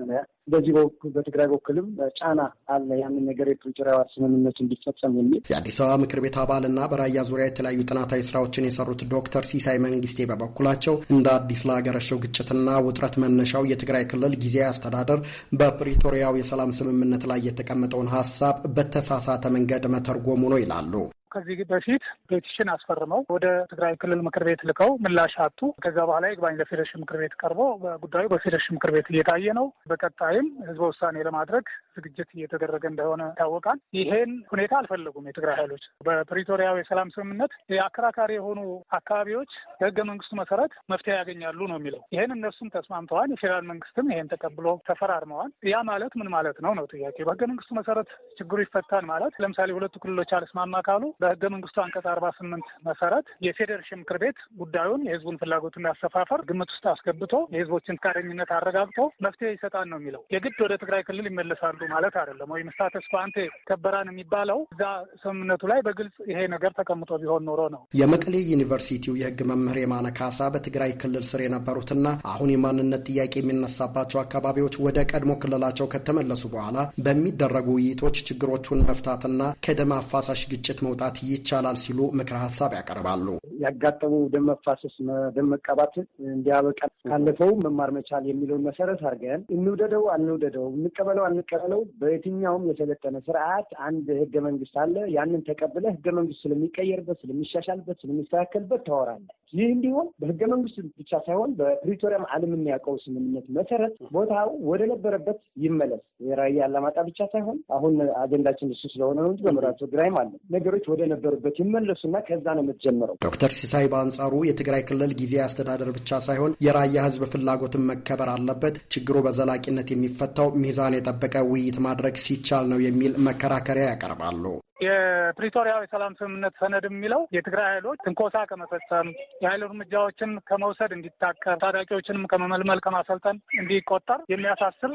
በዚህ በኩል በትግራይ በኩልም ጫና አለ። ያንን ነገር የፕሪቶሪያ ስምምነት እንዲፈጸም የሚል የአዲስ አበባ ምክር ቤት አባልና በራያ ዙሪያ የተለያዩ ጥናታዊ ስራዎችን የሰሩት ዶክተር ሲሳይ መንግስቴ በበኩላቸው እንደ አዲስ ለሀገረሸው ግጭትና ውጥረት መነሻው የትግራይ ክልል ጊዜያዊ አስተዳደር በፕሪቶሪያው የሰላም ስምምነት ላይ የተቀመጠውን ሀሳብ በተሳሳተ መንገድ መተርጎሙ ነው ይላሉ። ከዚህ በፊት ፔቲሽን አስፈርመው ወደ ትግራይ ክልል ምክር ቤት ልከው ምላሽ አጡ። ከዛ በኋላ ይግባኝ ለፌዴሬሽን ምክር ቤት ቀርቦ ጉዳዩ በፌዴሬሽን ምክር ቤት እየታየ ነው። በቀጣይም ህዝበ ውሳኔ ለማድረግ ዝግጅት እየተደረገ እንደሆነ ይታወቃል። ይሄን ሁኔታ አልፈለጉም የትግራይ ኃይሎች። በፕሪቶሪያው የሰላም ስምምነት የአከራካሪ የሆኑ አካባቢዎች በህገ መንግስቱ መሰረት መፍትሄ ያገኛሉ ነው የሚለው። ይሄን እነሱም ተስማምተዋል። የፌዴራል መንግስትም ይሄን ተቀብሎ ተፈራርመዋል። ያ ማለት ምን ማለት ነው ነው ጥያቄ። በህገ መንግስቱ መሰረት ችግሩ ይፈታል ማለት ለምሳሌ ሁለቱ ክልሎች አልስማማ ካሉ በህገ መንግስቱ አንቀጽ አርባ ስምንት መሰረት የፌዴሬሽን ምክር ቤት ጉዳዩን የህዝቡን ፍላጎት አሰፋፈር ግምት ውስጥ አስገብቶ የህዝቦችን ፈቃደኝነት አረጋግጦ መፍትሄ ይሰጣል ነው የሚለው። የግድ ወደ ትግራይ ክልል ይመለሳሉ ማለት አይደለም። ወይም ስታተስ ኳንቴ ከበራን የሚባለው እዛ ስምምነቱ ላይ በግልጽ ይሄ ነገር ተቀምጦ ቢሆን ኖሮ ነው። የመቀሌ ዩኒቨርሲቲው የህግ መምህር የማነ ካሳ በትግራይ ክልል ስር የነበሩትና አሁን የማንነት ጥያቄ የሚነሳባቸው አካባቢዎች ወደ ቀድሞ ክልላቸው ከተመለሱ በኋላ በሚደረጉ ውይይቶች ችግሮቹን መፍታትና ከደም አፋሳሽ ግጭት መውጣት መውጣት ይቻላል ሲሉ ምክረ ሀሳብ ያቀርባሉ። ያጋጠሙ ደም መፋሰስ፣ ደም መቀባት እንዲያበቃ ካለፈው መማር መቻል የሚለውን መሰረት አድርገን እንውደደው አንውደደው፣ እንቀበለው አንቀበለው፣ በየትኛውም የሰለጠነ ስርዓት አንድ ህገ መንግስት አለ። ያንን ተቀብለ ህገ መንግስት ስለሚቀየርበት፣ ስለሚሻሻልበት፣ ስለሚስተካከልበት ታወራለህ። ይህ እንዲሆን በህገ መንግስት ብቻ ሳይሆን በፕሪቶሪያም ዓለም የሚያውቀው ስምምነት መሰረት ቦታው ወደ ነበረበት ይመለስ። የራያ አላማጣ ብቻ ሳይሆን አሁን አጀንዳችን እሱ ስለሆነ ነው እንጂ በምራቸው ግራይም አለ ነገሮች ወደ ነበሩበት ይመለሱና ከዛ ነው የምትጀምረው። ዶክተር ሲሳይ በአንጻሩ የትግራይ ክልል ጊዜ አስተዳደር ብቻ ሳይሆን የራያ ህዝብ ፍላጎትን መከበር አለበት፣ ችግሩ በዘላቂነት የሚፈታው ሚዛን የጠበቀ ውይይት ማድረግ ሲቻል ነው የሚል መከራከሪያ ያቀርባሉ። የፕሪቶሪያው የሰላም ስምምነት ሰነድ የሚለው የትግራይ ኃይሎች ትንኮሳ ከመፈጸም የኃይል እርምጃዎችን ከመውሰድ እንዲታቀብ ታጣቂዎችንም ከመመልመል ከማሰልጠን እንዲቆጠር የሚያሳስብ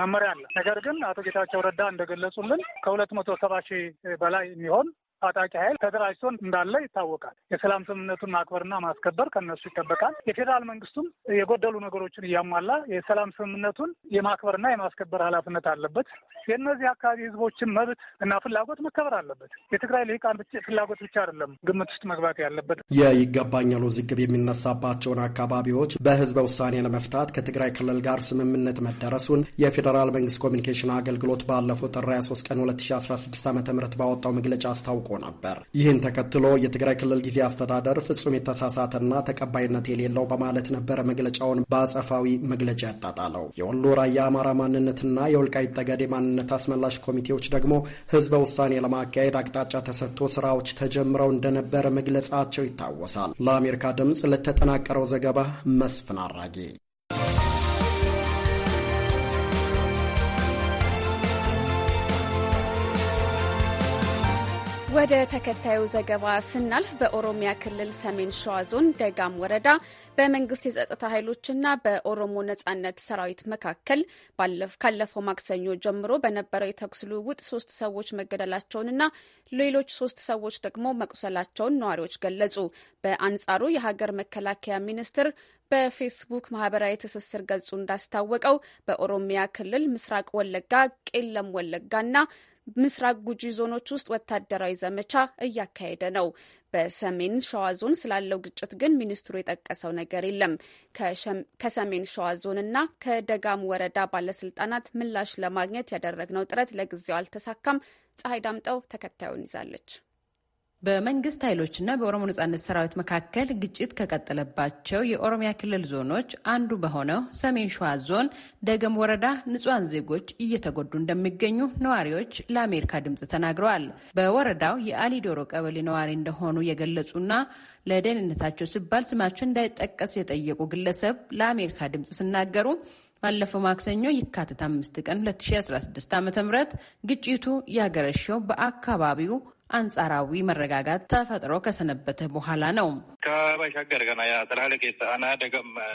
መመሪያ አለ። ነገር ግን አቶ ጌታቸው ረዳ እንደገለጹልን ከሁለት መቶ ሰባ ሺህ በላይ የሚሆን ታጣቂ ኃይል ተደራጅቶ እንዳለ ይታወቃል። የሰላም ስምምነቱን ማክበርና ማስከበር ከነሱ ይጠበቃል። የፌዴራል መንግስቱም የጎደሉ ነገሮችን እያሟላ የሰላም ስምምነቱን የማክበርና የማስከበር ኃላፊነት አለበት። የእነዚህ አካባቢ ህዝቦችን መብት እና ፍላጎት መከበር አለበት። የትግራይ ልሂቃን ፍላጎት ብቻ አይደለም ግምት ውስጥ መግባት ያለበት። የይገባኛል ውዝግብ የሚነሳባቸውን አካባቢዎች በህዝበ ውሳኔ ለመፍታት ከትግራይ ክልል ጋር ስምምነት መደረሱን የፌዴራል መንግስት ኮሚኒኬሽን አገልግሎት ባለፈው ጥር 23 ቀን 2016 ዓ ም ባወጣው መግለጫ አስታውቋል። ነበር። ይህን ተከትሎ የትግራይ ክልል ጊዜ አስተዳደር ፍጹም የተሳሳተና ተቀባይነት የሌለው በማለት ነበረ መግለጫውን በአጸፋዊ መግለጫ ያጣጣለው። የወሎ ራያ አማራ ማንነትና የወልቃይት ጠገዴ ማንነት አስመላሽ ኮሚቴዎች ደግሞ ህዝበ ውሳኔ ለማካሄድ አቅጣጫ ተሰጥቶ ስራዎች ተጀምረው እንደነበረ መግለጻቸው ይታወሳል። ለአሜሪካ ድምፅ ለተጠናቀረው ዘገባ መስፍን አራጌ ወደ ተከታዩ ዘገባ ስናልፍ በኦሮሚያ ክልል ሰሜን ሸዋ ዞን ደጋም ወረዳ በመንግስት የጸጥታ ኃይሎችና በኦሮሞ ነጻነት ሰራዊት መካከል ካለፈው ማክሰኞ ጀምሮ በነበረው የተኩስ ልውውጥ ሶስት ሰዎች መገደላቸውንና ሌሎች ሶስት ሰዎች ደግሞ መቁሰላቸውን ነዋሪዎች ገለጹ። በአንጻሩ የሀገር መከላከያ ሚኒስቴር በፌስቡክ ማህበራዊ ትስስር ገጹ እንዳስታወቀው በኦሮሚያ ክልል ምስራቅ ወለጋ፣ ቄለም ወለጋና ምስራቅ ጉጂ ዞኖች ውስጥ ወታደራዊ ዘመቻ እያካሄደ ነው። በሰሜን ሸዋ ዞን ስላለው ግጭት ግን ሚኒስትሩ የጠቀሰው ነገር የለም። ከሰሜን ሸዋ ዞንና ከደጋም ወረዳ ባለስልጣናት ምላሽ ለማግኘት ያደረግነው ጥረት ለጊዜው አልተሳካም። ፀሐይ ዳምጠው ተከታዩን ይዛለች። በመንግስት ኃይሎችና በኦሮሞ ነጻነት ሰራዊት መካከል ግጭት ከቀጠለባቸው የኦሮሚያ ክልል ዞኖች አንዱ በሆነው ሰሜን ሸዋ ዞን ደገም ወረዳ ንጹሐን ዜጎች እየተጎዱ እንደሚገኙ ነዋሪዎች ለአሜሪካ ድምፅ ተናግረዋል። በወረዳው የአሊ ዶሮ ቀበሌ ነዋሪ እንደሆኑ የገለጹና ለደህንነታቸው ሲባል ስማቸው እንዳይጠቀስ የጠየቁ ግለሰብ ለአሜሪካ ድምፅ ሲናገሩ ባለፈው ማክሰኞ የካቲት አምስት ቀን 2016 ዓ ም ግጭቱ ያገረሸው በአካባቢው አንጻራዊ መረጋጋት ተፈጥሮ ከሰነበተ በኋላ ነው።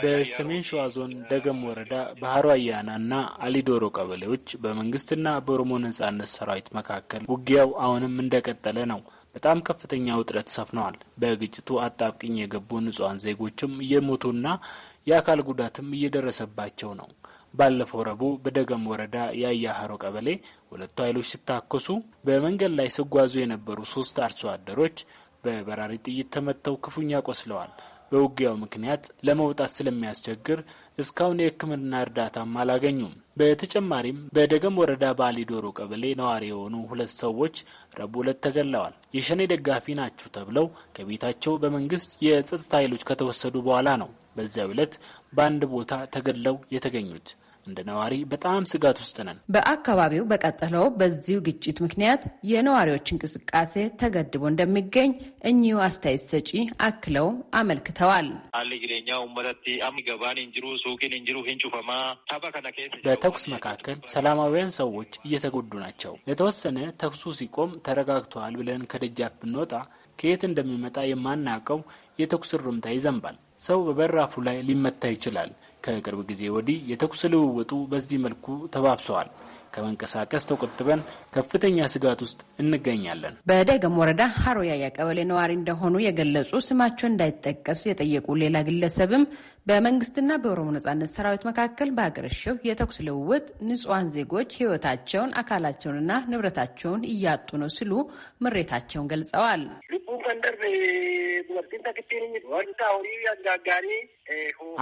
በሰሜን ሸዋ ዞን ደገም ወረዳ ባህሮ አያና እና አሊዶሮ ቀበሌዎች በመንግስትና በኦሮሞ ነጻነት ሰራዊት መካከል ውጊያው አሁንም እንደቀጠለ ነው። በጣም ከፍተኛ ውጥረት ሰፍነዋል። በግጭቱ አጣብቅኝ የገቡ ንጹሐን ዜጎችም እየሞቱና የአካል ጉዳትም እየደረሰባቸው ነው። ባለፈው ረቡዕ በደገም ወረዳ የአያሀሮ ቀበሌ ሁለቱ ኃይሎች ሲታኮሱ በመንገድ ላይ ሲጓዙ የነበሩ ሶስት አርሶ አደሮች በበራሪ ጥይት ተመተው ክፉኛ ቆስለዋል። በውጊያው ምክንያት ለመውጣት ስለሚያስቸግር እስካሁን የሕክምና እርዳታም አላገኙም። በተጨማሪም በደገም ወረዳ ዶሮ ቀበሌ ነዋሪ የሆኑ ሁለት ሰዎች ረቡዕ ዕለት ተገለዋል የሸኔ ደጋፊ ናችሁ ተብለው ከቤታቸው በመንግስት የጸጥታ ኃይሎች ከተወሰዱ በኋላ ነው በዚያው ዕለት በአንድ ቦታ ተገድለው የተገኙት። እንደ ነዋሪ በጣም ስጋት ውስጥ ነን። በአካባቢው በቀጠለው በዚሁ ግጭት ምክንያት የነዋሪዎች እንቅስቃሴ ተገድቦ እንደሚገኝ እኚሁ አስተያየት ሰጪ አክለው አመልክተዋል። በተኩስ መካከል ሰላማውያን ሰዎች እየተጎዱ ናቸው። የተወሰነ ተኩሱ ሲቆም ተረጋግተዋል ብለን ከደጃፍ ብንወጣ ከየት እንደሚመጣ የማናውቀው የተኩስ እሩምታ ይዘንባል። ሰው በበራፉ ላይ ሊመታ ይችላል። ከቅርብ ጊዜ ወዲህ የተኩስ ልውውጡ በዚህ መልኩ ተባብሰዋል። ከመንቀሳቀስ ተቆጥበን ከፍተኛ ስጋት ውስጥ እንገኛለን። በደገም ወረዳ ሀሮያያ ቀበሌ ነዋሪ እንደሆኑ የገለጹ ስማቸው እንዳይጠቀስ የጠየቁ ሌላ ግለሰብም በመንግስትና በኦሮሞ ነጻነት ሰራዊት መካከል በሀገረሸው የተኩስ ልውውጥ ንጹሐን ዜጎች ህይወታቸውን አካላቸውንና ንብረታቸውን እያጡ ነው ሲሉ ምሬታቸውን ገልጸዋል።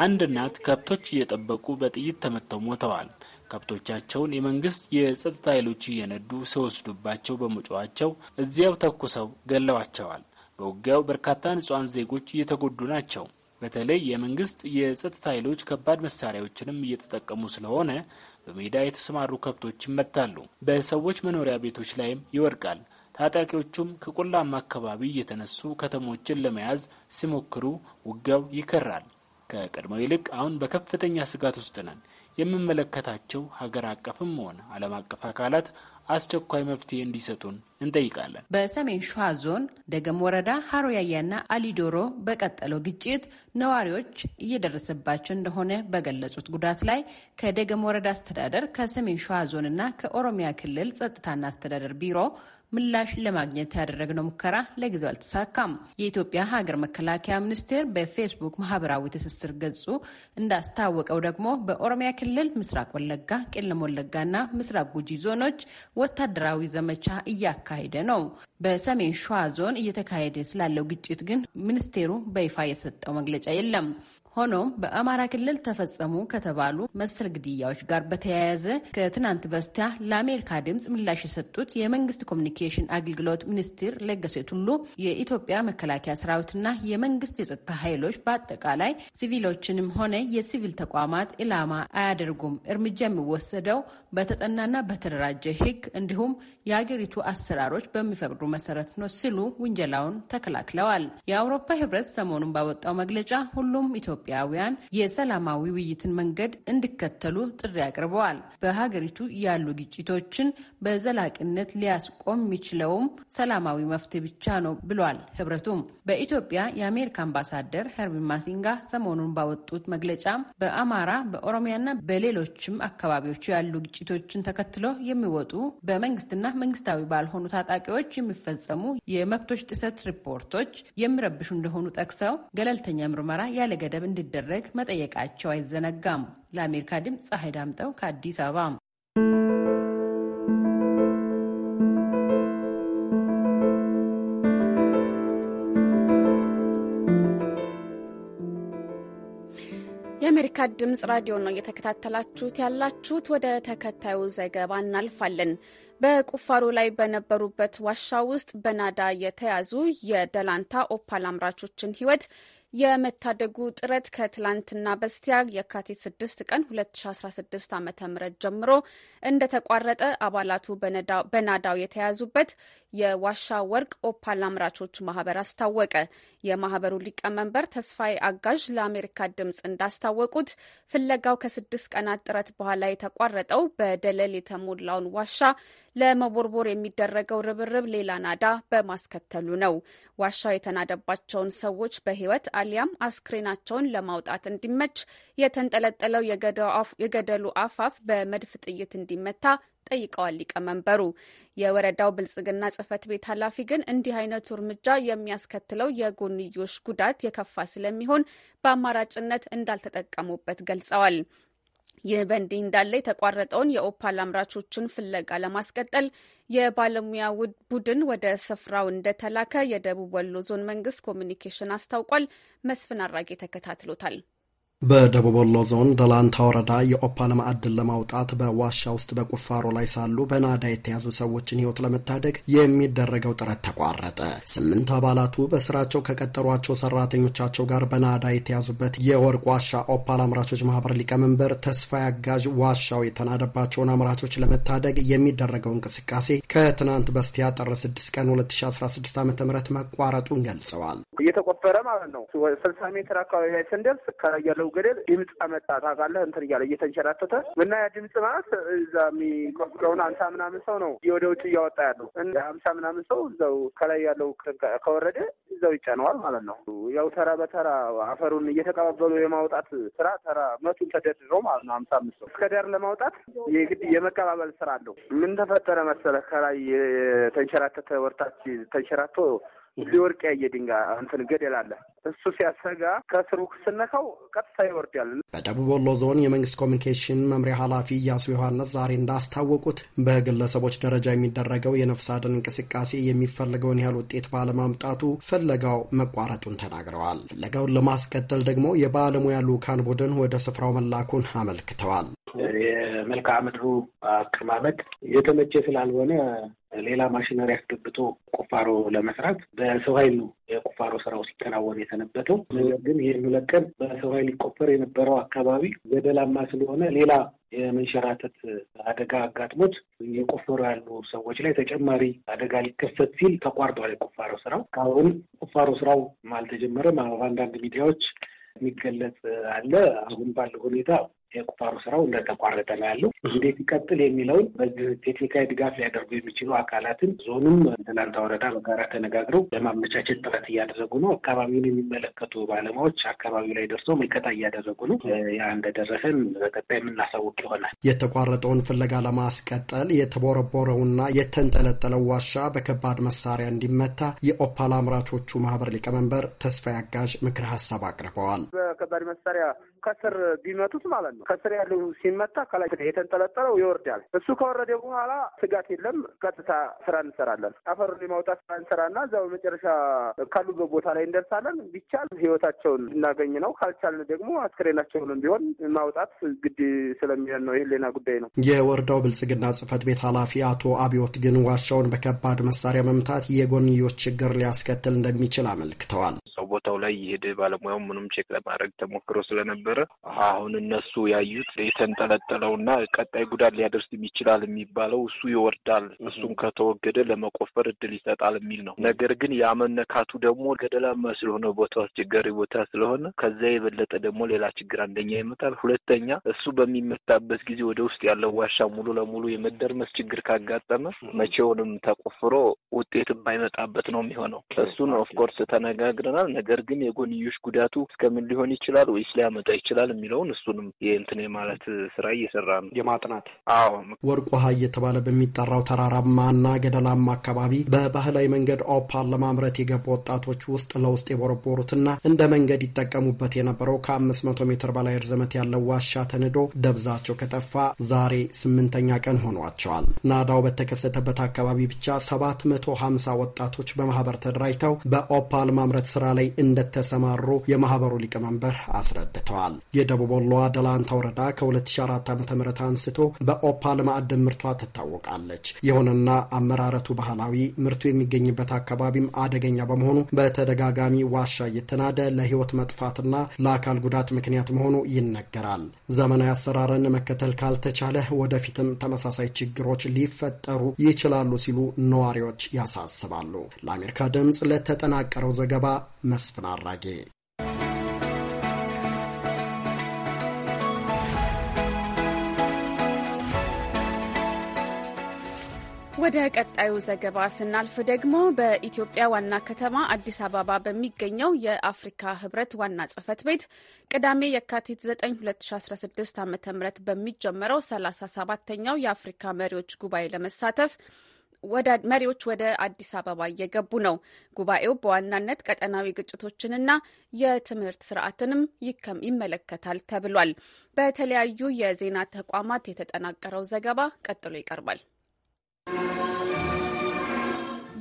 አንድ እናት ከብቶች እየጠበቁ በጥይት ተመተው ሞተዋል። ከብቶቻቸውን የመንግስት የጸጥታ ኃይሎች እየነዱ ሲወስዱባቸው በመጮኋቸው እዚያው ተኩሰው ገለዋቸዋል። በውጊያው በርካታ ንጹሐን ዜጎች እየተጎዱ ናቸው። በተለይ የመንግስት የጸጥታ ኃይሎች ከባድ መሳሪያዎችንም እየተጠቀሙ ስለሆነ በሜዳ የተሰማሩ ከብቶች ይመታሉ፣ በሰዎች መኖሪያ ቤቶች ላይም ይወድቃል። ታጣቂዎቹም ከቆላማ አካባቢ እየተነሱ ከተሞችን ለመያዝ ሲሞክሩ ውጊያው ይከራል። ከቀድሞው ይልቅ አሁን በከፍተኛ ስጋት ውስጥ ነን። የምመለከታቸው ሀገር አቀፍም ሆነ ዓለም አቀፍ አካላት አስቸኳይ መፍትሄ እንዲሰጡን እንጠይቃለን። በሰሜን ሸዋ ዞን ደገም ወረዳ ሀሮ አሊዶሮ በቀጠለው ግጭት ነዋሪዎች እየደረሰባቸው እንደሆነ በገለጹት ጉዳት ላይ ከደገም ወረዳ አስተዳደር፣ ከሰሜን ሸዋ ዞንና ከኦሮሚያ ክልል ጸጥታና አስተዳደር ቢሮ ምላሽ ለማግኘት ያደረግነው ሙከራ ለጊዜው አልተሳካም። የኢትዮጵያ ሀገር መከላከያ ሚኒስቴር በፌስቡክ ማህበራዊ ትስስር ገጹ እንዳስታወቀው ደግሞ በኦሮሚያ ክልል ምስራቅ ወለጋ፣ ቄለም ወለጋና ምስራቅ ጉጂ ዞኖች ወታደራዊ ዘመቻ እያካሄደ ነው። በሰሜን ሸዋ ዞን እየተካሄደ ስላለው ግጭት ግን ሚኒስቴሩ በይፋ የሰጠው መግለጫ የለም። ሆኖም በአማራ ክልል ተፈጸሙ ከተባሉ መሰል ግድያዎች ጋር በተያያዘ ከትናንት በስቲያ ለአሜሪካ ድምፅ ምላሽ የሰጡት የመንግስት ኮሚኒኬሽን አገልግሎት ሚኒስትር ለገሰ ቱሉ የኢትዮጵያ መከላከያ ሰራዊትና የመንግስት የጸጥታ ኃይሎች በአጠቃላይ ሲቪሎችንም ሆነ የሲቪል ተቋማት ኢላማ አያደርጉም። እርምጃ የሚወሰደው በተጠናና በተደራጀ ህግ እንዲሁም የአገሪቱ አሰራሮች በሚፈቅዱ መሰረት ነው ሲሉ ውንጀላውን ተከላክለዋል። የአውሮፓ ህብረት ሰሞኑን ባወጣው መግለጫ ሁሉም ኢትዮጵያውያን የሰላማዊ ውይይትን መንገድ እንዲከተሉ ጥሪ አቅርበዋል። በሀገሪቱ ያሉ ግጭቶችን በዘላቂነት ሊያስቆም የሚችለውም ሰላማዊ መፍትሄ ብቻ ነው ብሏል። ህብረቱም በኢትዮጵያ የአሜሪካ አምባሳደር ሄርሚን ማሲንጋ ሰሞኑን ባወጡት መግለጫ በአማራ በኦሮሚያና በሌሎችም አካባቢዎች ያሉ ግጭቶችን ተከትሎ የሚወጡ በመንግስትና መንግስታዊ ባልሆኑ ታጣቂዎች የሚፈጸሙ የመብቶች ጥሰት ሪፖርቶች የሚረብሹ እንደሆኑ ጠቅሰው ገለልተኛ ምርመራ ያለ ገደብ እንዲደረግ መጠየቃቸው አይዘነጋም። ለአሜሪካ ድምፅ ፀሐይ ዳምጠው ከአዲስ አበባ። የአሜሪካ ድምጽ ራዲዮ ነው እየተከታተላችሁት ያላችሁት። ወደ ተከታዩ ዘገባ እናልፋለን። በቁፋሮ ላይ በነበሩበት ዋሻ ውስጥ በናዳ የተያዙ የደላንታ ኦፓል አምራቾችን ህይወት የመታደጉ ጥረት ከትላንትና በስቲያ የካቲት 6 ቀን 2016 ዓ ም ጀምሮ እንደተቋረጠ አባላቱ በናዳው የተያዙበት የዋሻ ወርቅ ኦፓል አምራቾች ማህበር አስታወቀ። የማህበሩ ሊቀመንበር ተስፋዬ አጋዥ ለአሜሪካ ድምፅ እንዳስታወቁት ፍለጋው ከስድስት ቀናት ጥረት በኋላ የተቋረጠው በደለል የተሞላውን ዋሻ ለመቦርቦር የሚደረገው ርብርብ ሌላ ናዳ በማስከተሉ ነው። ዋሻው የተናደባቸውን ሰዎች በሕይወት አሊያም አስክሬናቸውን ለማውጣት እንዲመች የተንጠለጠለው የገደሉ አፋፍ በመድፍ ጥይት እንዲመታ ጠይቀዋል ሊቀመንበሩ። የወረዳው ብልጽግና ጽህፈት ቤት ኃላፊ ግን እንዲህ አይነቱ እርምጃ የሚያስከትለው የጎንዮሽ ጉዳት የከፋ ስለሚሆን በአማራጭነት እንዳልተጠቀሙበት ገልጸዋል። ይህ በእንዲህ እንዳለ የተቋረጠውን የኦፓል አምራቾችን ፍለጋ ለማስቀጠል የባለሙያ ቡድን ወደ ስፍራው እንደተላከ የደቡብ ወሎ ዞን መንግስት ኮሚኒኬሽን አስታውቋል። መስፍን አራጌ ተከታትሎታል። በደቡብ ወሎ ዞን ደላንታ ወረዳ የኦፓል ማዕድን ለማውጣት በዋሻ ውስጥ በቁፋሮ ላይ ሳሉ በናዳ የተያዙ ሰዎችን ሕይወት ለመታደግ የሚደረገው ጥረት ተቋረጠ። ስምንት አባላቱ በስራቸው ከቀጠሯቸው ሰራተኞቻቸው ጋር በናዳ የተያዙበት የወርቅ ዋሻ ኦፓል አምራቾች ማህበር ሊቀመንበር ተስፋ ያጋዥ ዋሻው የተናደባቸውን አምራቾች ለመታደግ የሚደረገው እንቅስቃሴ ከትናንት በስቲያ ጥር 6 ቀን 2016 ዓ ም መቋረጡን ገልጸዋል። እየተቆፈረ ማለት ነው። ስልሳ ሜትር አካባቢ ላይ ስንደርስ ያለው ገደል ድምፅ አመጣ ታውቃለህ፣ እንትን እያለ እየተንሸራተተ እና ያ ድምፅ ማለት እዛ የሚቆፍለውን አምሳ ምናምን ሰው ነው ወደ ውጭ እያወጣ ያለው። አምሳ ምናምን ሰው እዛው ከላይ ያለው ከወረደ እዛው ይጫነዋል ማለት ነው። ያው ተራ በተራ አፈሩን እየተቀባበሉ የማውጣት ስራ ተራ መቱን ተደርድረው ማለት ነው። አምሳ አምስት ሰው እስከ ዳር ለማውጣት የግድ የመቀባበል ስራ አለው። ምን ተፈጠረ መሰለ ከላይ የተንሸራተተ ወርታች ተንሸራቶ ሊወርቅ ያየ ድንጋይ እንትን ገደል አለ። እሱ ሲያሰጋ ከስሩ ስነካው ቀጥታ ይወርዳል። በደቡብ ወሎ ዞን የመንግስት ኮሚኒኬሽን መምሪያ ኃላፊ እያሱ ዮሐንስ ዛሬ እንዳስታወቁት በግለሰቦች ደረጃ የሚደረገው የነፍስ አድን እንቅስቃሴ የሚፈልገውን ያህል ውጤት ባለማምጣቱ ፍለጋው መቋረጡን ተናግረዋል። ፍለጋውን ለማስቀጠል ደግሞ የባለሙያ ልዑካን ቡድን ወደ ስፍራው መላኩን አመልክተዋል። የመልክዓ ምድሩ አቀማመጥ የተመቸ ስላልሆነ ሌላ ማሽነሪ አስገብቶ ቁፋሮ ለመስራት በሰው ኃይል ነው የቁፋሮ ስራው ሲከናወን የተነበተው ነገር ግን ይህን ሁለት ቀን በሰው ኃይል ሊቆፈር የነበረው አካባቢ ገደላማ ስለሆነ ሌላ የመንሸራተት አደጋ አጋጥሞት እየቆፈሩ ያሉ ሰዎች ላይ ተጨማሪ አደጋ ሊከሰት ሲል ተቋርጧል የቁፋሮ ስራው። ካሁን ቁፋሮ ስራው አልተጀመረም። አንዳንድ ሚዲያዎች የሚገለጽ አለ። አሁን ባለው ሁኔታ የቁፋሮ ስራው እንደተቋረጠ ነው ያለው። እንዴት ይቀጥል የሚለውን በዚህ ቴክኒካዊ ድጋፍ ሊያደርጉ የሚችሉ አካላትን ዞኑም ትናንት ወረዳ በጋራ ተነጋግረው ለማመቻቸት ጥረት እያደረጉ ነው። አካባቢውን የሚመለከቱ ባለሙያዎች አካባቢው ላይ ደርሰው ምልከታ እያደረጉ ነው። ያ እንደደረሰን በቀጣይ የምናሳውቅ ይሆናል። የተቋረጠውን ፍለጋ ለማስቀጠል የተቦረቦረውና የተንጠለጠለው ዋሻ በከባድ መሳሪያ እንዲመታ የኦፓል አምራቾቹ ማህበር ሊቀመንበር ተስፋ ያጋዥ ምክረ ሀሳብ አቅርበዋል። በከባድ መሳሪያ ከስር ቢመቱት ማለት ነው ከስር ያለው ሲመጣ ከላይ የተንጠለጠለው ይወርዳል። እሱ ከወረደ በኋላ ስጋት የለም። ቀጥታ ስራ እንሰራለን። አፈሩን የማውጣት ስራ እንሰራና እዛው መጨረሻ ካሉበት ቦታ ላይ እንደርሳለን። ቢቻል ህይወታቸውን እናገኝ ነው። ካልቻልን ደግሞ አስክሬናቸውንም ቢሆን ማውጣት ግድ ስለሚሆን ነው። የህሊና ጉዳይ ነው። የወረዳው ብልጽግና ጽህፈት ቤት ኃላፊ አቶ አብዮት ግን ዋሻውን በከባድ መሳሪያ መምታት የጎንዮች ችግር ሊያስከትል እንደሚችል አመልክተዋል። ሰው ቦታው ላይ ይሄድ ባለሙያው ምንም ቼክ ለማድረግ ተሞክሮ ስለነበረ አሁን እነሱ ያዩት የተንጠለጠለውና ቀጣይ ጉዳት ሊያደርስ ይችላል የሚባለው እሱ ይወርዳል፣ እሱም ከተወገደ ለመቆፈር እድል ይሰጣል የሚል ነው። ነገር ግን ያመነካቱ ደግሞ ገደላማ ስለሆነ ቦታ አስቸጋሪ ቦታ ስለሆነ ከዛ የበለጠ ደግሞ ሌላ ችግር አንደኛ ይመጣል። ሁለተኛ እሱ በሚመታበት ጊዜ ወደ ውስጥ ያለው ዋሻ ሙሉ ለሙሉ የመደርመስ ችግር ካጋጠመ መቼውንም ተቆፍሮ ውጤት ባይመጣበት ነው የሚሆነው። እሱን ኦፍኮርስ ተነጋግረናል። ነገር ግን የጎንዮሽ ጉዳቱ እስከምን ሊሆን ይችላል ወይስ ሊያመጣ ይችላል የሚለውን እሱንም እንትን የማለት ስራ እየሰራ ነው የማጥናት አዎ ወርቅ ውሃ እየተባለ በሚጠራው ተራራማና ገደላማ አካባቢ በባህላዊ መንገድ ኦፓል ለማምረት የገቡ ወጣቶች ውስጥ ለውስጥ የቦረቦሩትና እንደ መንገድ ይጠቀሙበት የነበረው ከአምስት መቶ ሜትር በላይ እርዘመት ያለው ዋሻ ተንዶ ደብዛቸው ከጠፋ ዛሬ ስምንተኛ ቀን ሆኗቸዋል። ናዳው በተከሰተበት አካባቢ ብቻ ሰባት መቶ ሀምሳ ወጣቶች በማህበር ተደራጅተው በኦፓል ማምረት ስራ ላይ እንደተሰማሩ የማህበሩ ሊቀመንበር አስረድተዋል። የደቡብ ወሎዋ ደላንት ዳንታ ወረዳ ከ2004 ዓ ም አንስቶ በኦፓል ማዕድን ምርቷ ትታወቃለች። ይሁንና አመራረቱ ባህላዊ፣ ምርቱ የሚገኝበት አካባቢም አደገኛ በመሆኑ በተደጋጋሚ ዋሻ እየተናደ ለህይወት መጥፋትና ለአካል ጉዳት ምክንያት መሆኑ ይነገራል። ዘመናዊ አሰራርን መከተል ካልተቻለ ወደፊትም ተመሳሳይ ችግሮች ሊፈጠሩ ይችላሉ ሲሉ ነዋሪዎች ያሳስባሉ። ለአሜሪካ ድምፅ ለተጠናቀረው ዘገባ መስፍን አራጌ ወደ ቀጣዩ ዘገባ ስናልፍ ደግሞ በኢትዮጵያ ዋና ከተማ አዲስ አበባ በሚገኘው የአፍሪካ ህብረት ዋና ጽህፈት ቤት ቅዳሜ የካቲት 9 2016 ዓ ም በሚጀመረው 37 ተኛው የአፍሪካ መሪዎች ጉባኤ ለመሳተፍ መሪዎች ወደ አዲስ አበባ እየገቡ ነው። ጉባኤው በዋናነት ቀጠናዊ ግጭቶችንና የትምህርት ስርዓትንም ይመለከታል ተብሏል። በተለያዩ የዜና ተቋማት የተጠናቀረው ዘገባ ቀጥሎ ይቀርባል።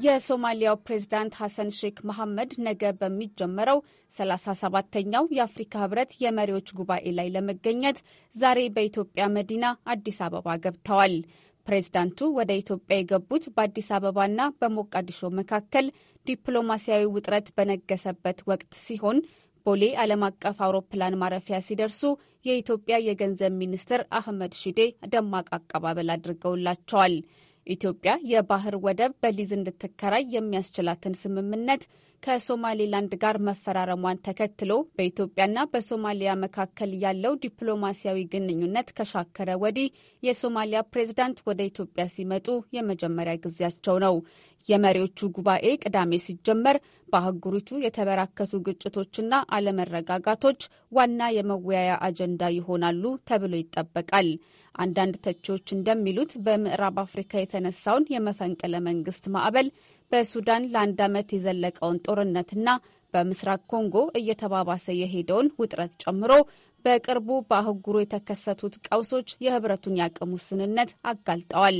የሶማሊያው ፕሬዝዳንት ሐሰን ሼክ መሐመድ ነገ በሚጀመረው 37ተኛው የአፍሪካ ህብረት የመሪዎች ጉባኤ ላይ ለመገኘት ዛሬ በኢትዮጵያ መዲና አዲስ አበባ ገብተዋል። ፕሬዝዳንቱ ወደ ኢትዮጵያ የገቡት በአዲስ አበባና በሞቃዲሾ መካከል ዲፕሎማሲያዊ ውጥረት በነገሰበት ወቅት ሲሆን ቦሌ ዓለም አቀፍ አውሮፕላን ማረፊያ ሲደርሱ የኢትዮጵያ የገንዘብ ሚኒስትር አህመድ ሺዴ ደማቅ አቀባበል አድርገውላቸዋል። ኢትዮጵያ የባህር ወደብ በሊዝ እንድትከራይ የሚያስችላትን ስምምነት ከሶማሌላንድ ጋር መፈራረሟን ተከትሎ በኢትዮጵያና በሶማሊያ መካከል ያለው ዲፕሎማሲያዊ ግንኙነት ከሻከረ ወዲህ የሶማሊያ ፕሬዝዳንት ወደ ኢትዮጵያ ሲመጡ የመጀመሪያ ጊዜያቸው ነው። የመሪዎቹ ጉባኤ ቅዳሜ ሲጀመር በአህጉሪቱ የተበራከቱ ግጭቶችና አለመረጋጋቶች ዋና የመወያያ አጀንዳ ይሆናሉ ተብሎ ይጠበቃል። አንዳንድ ተቺዎች እንደሚሉት በምዕራብ አፍሪካ የተነሳውን የመፈንቅለ መንግስት ማዕበል በሱዳን ለአንድ ዓመት የዘለቀውን ጦርነትና በምስራቅ ኮንጎ እየተባባሰ የሄደውን ውጥረት ጨምሮ በቅርቡ በአህጉሩ የተከሰቱት ቀውሶች የህብረቱን የአቅም ውስንነት አጋልጠዋል።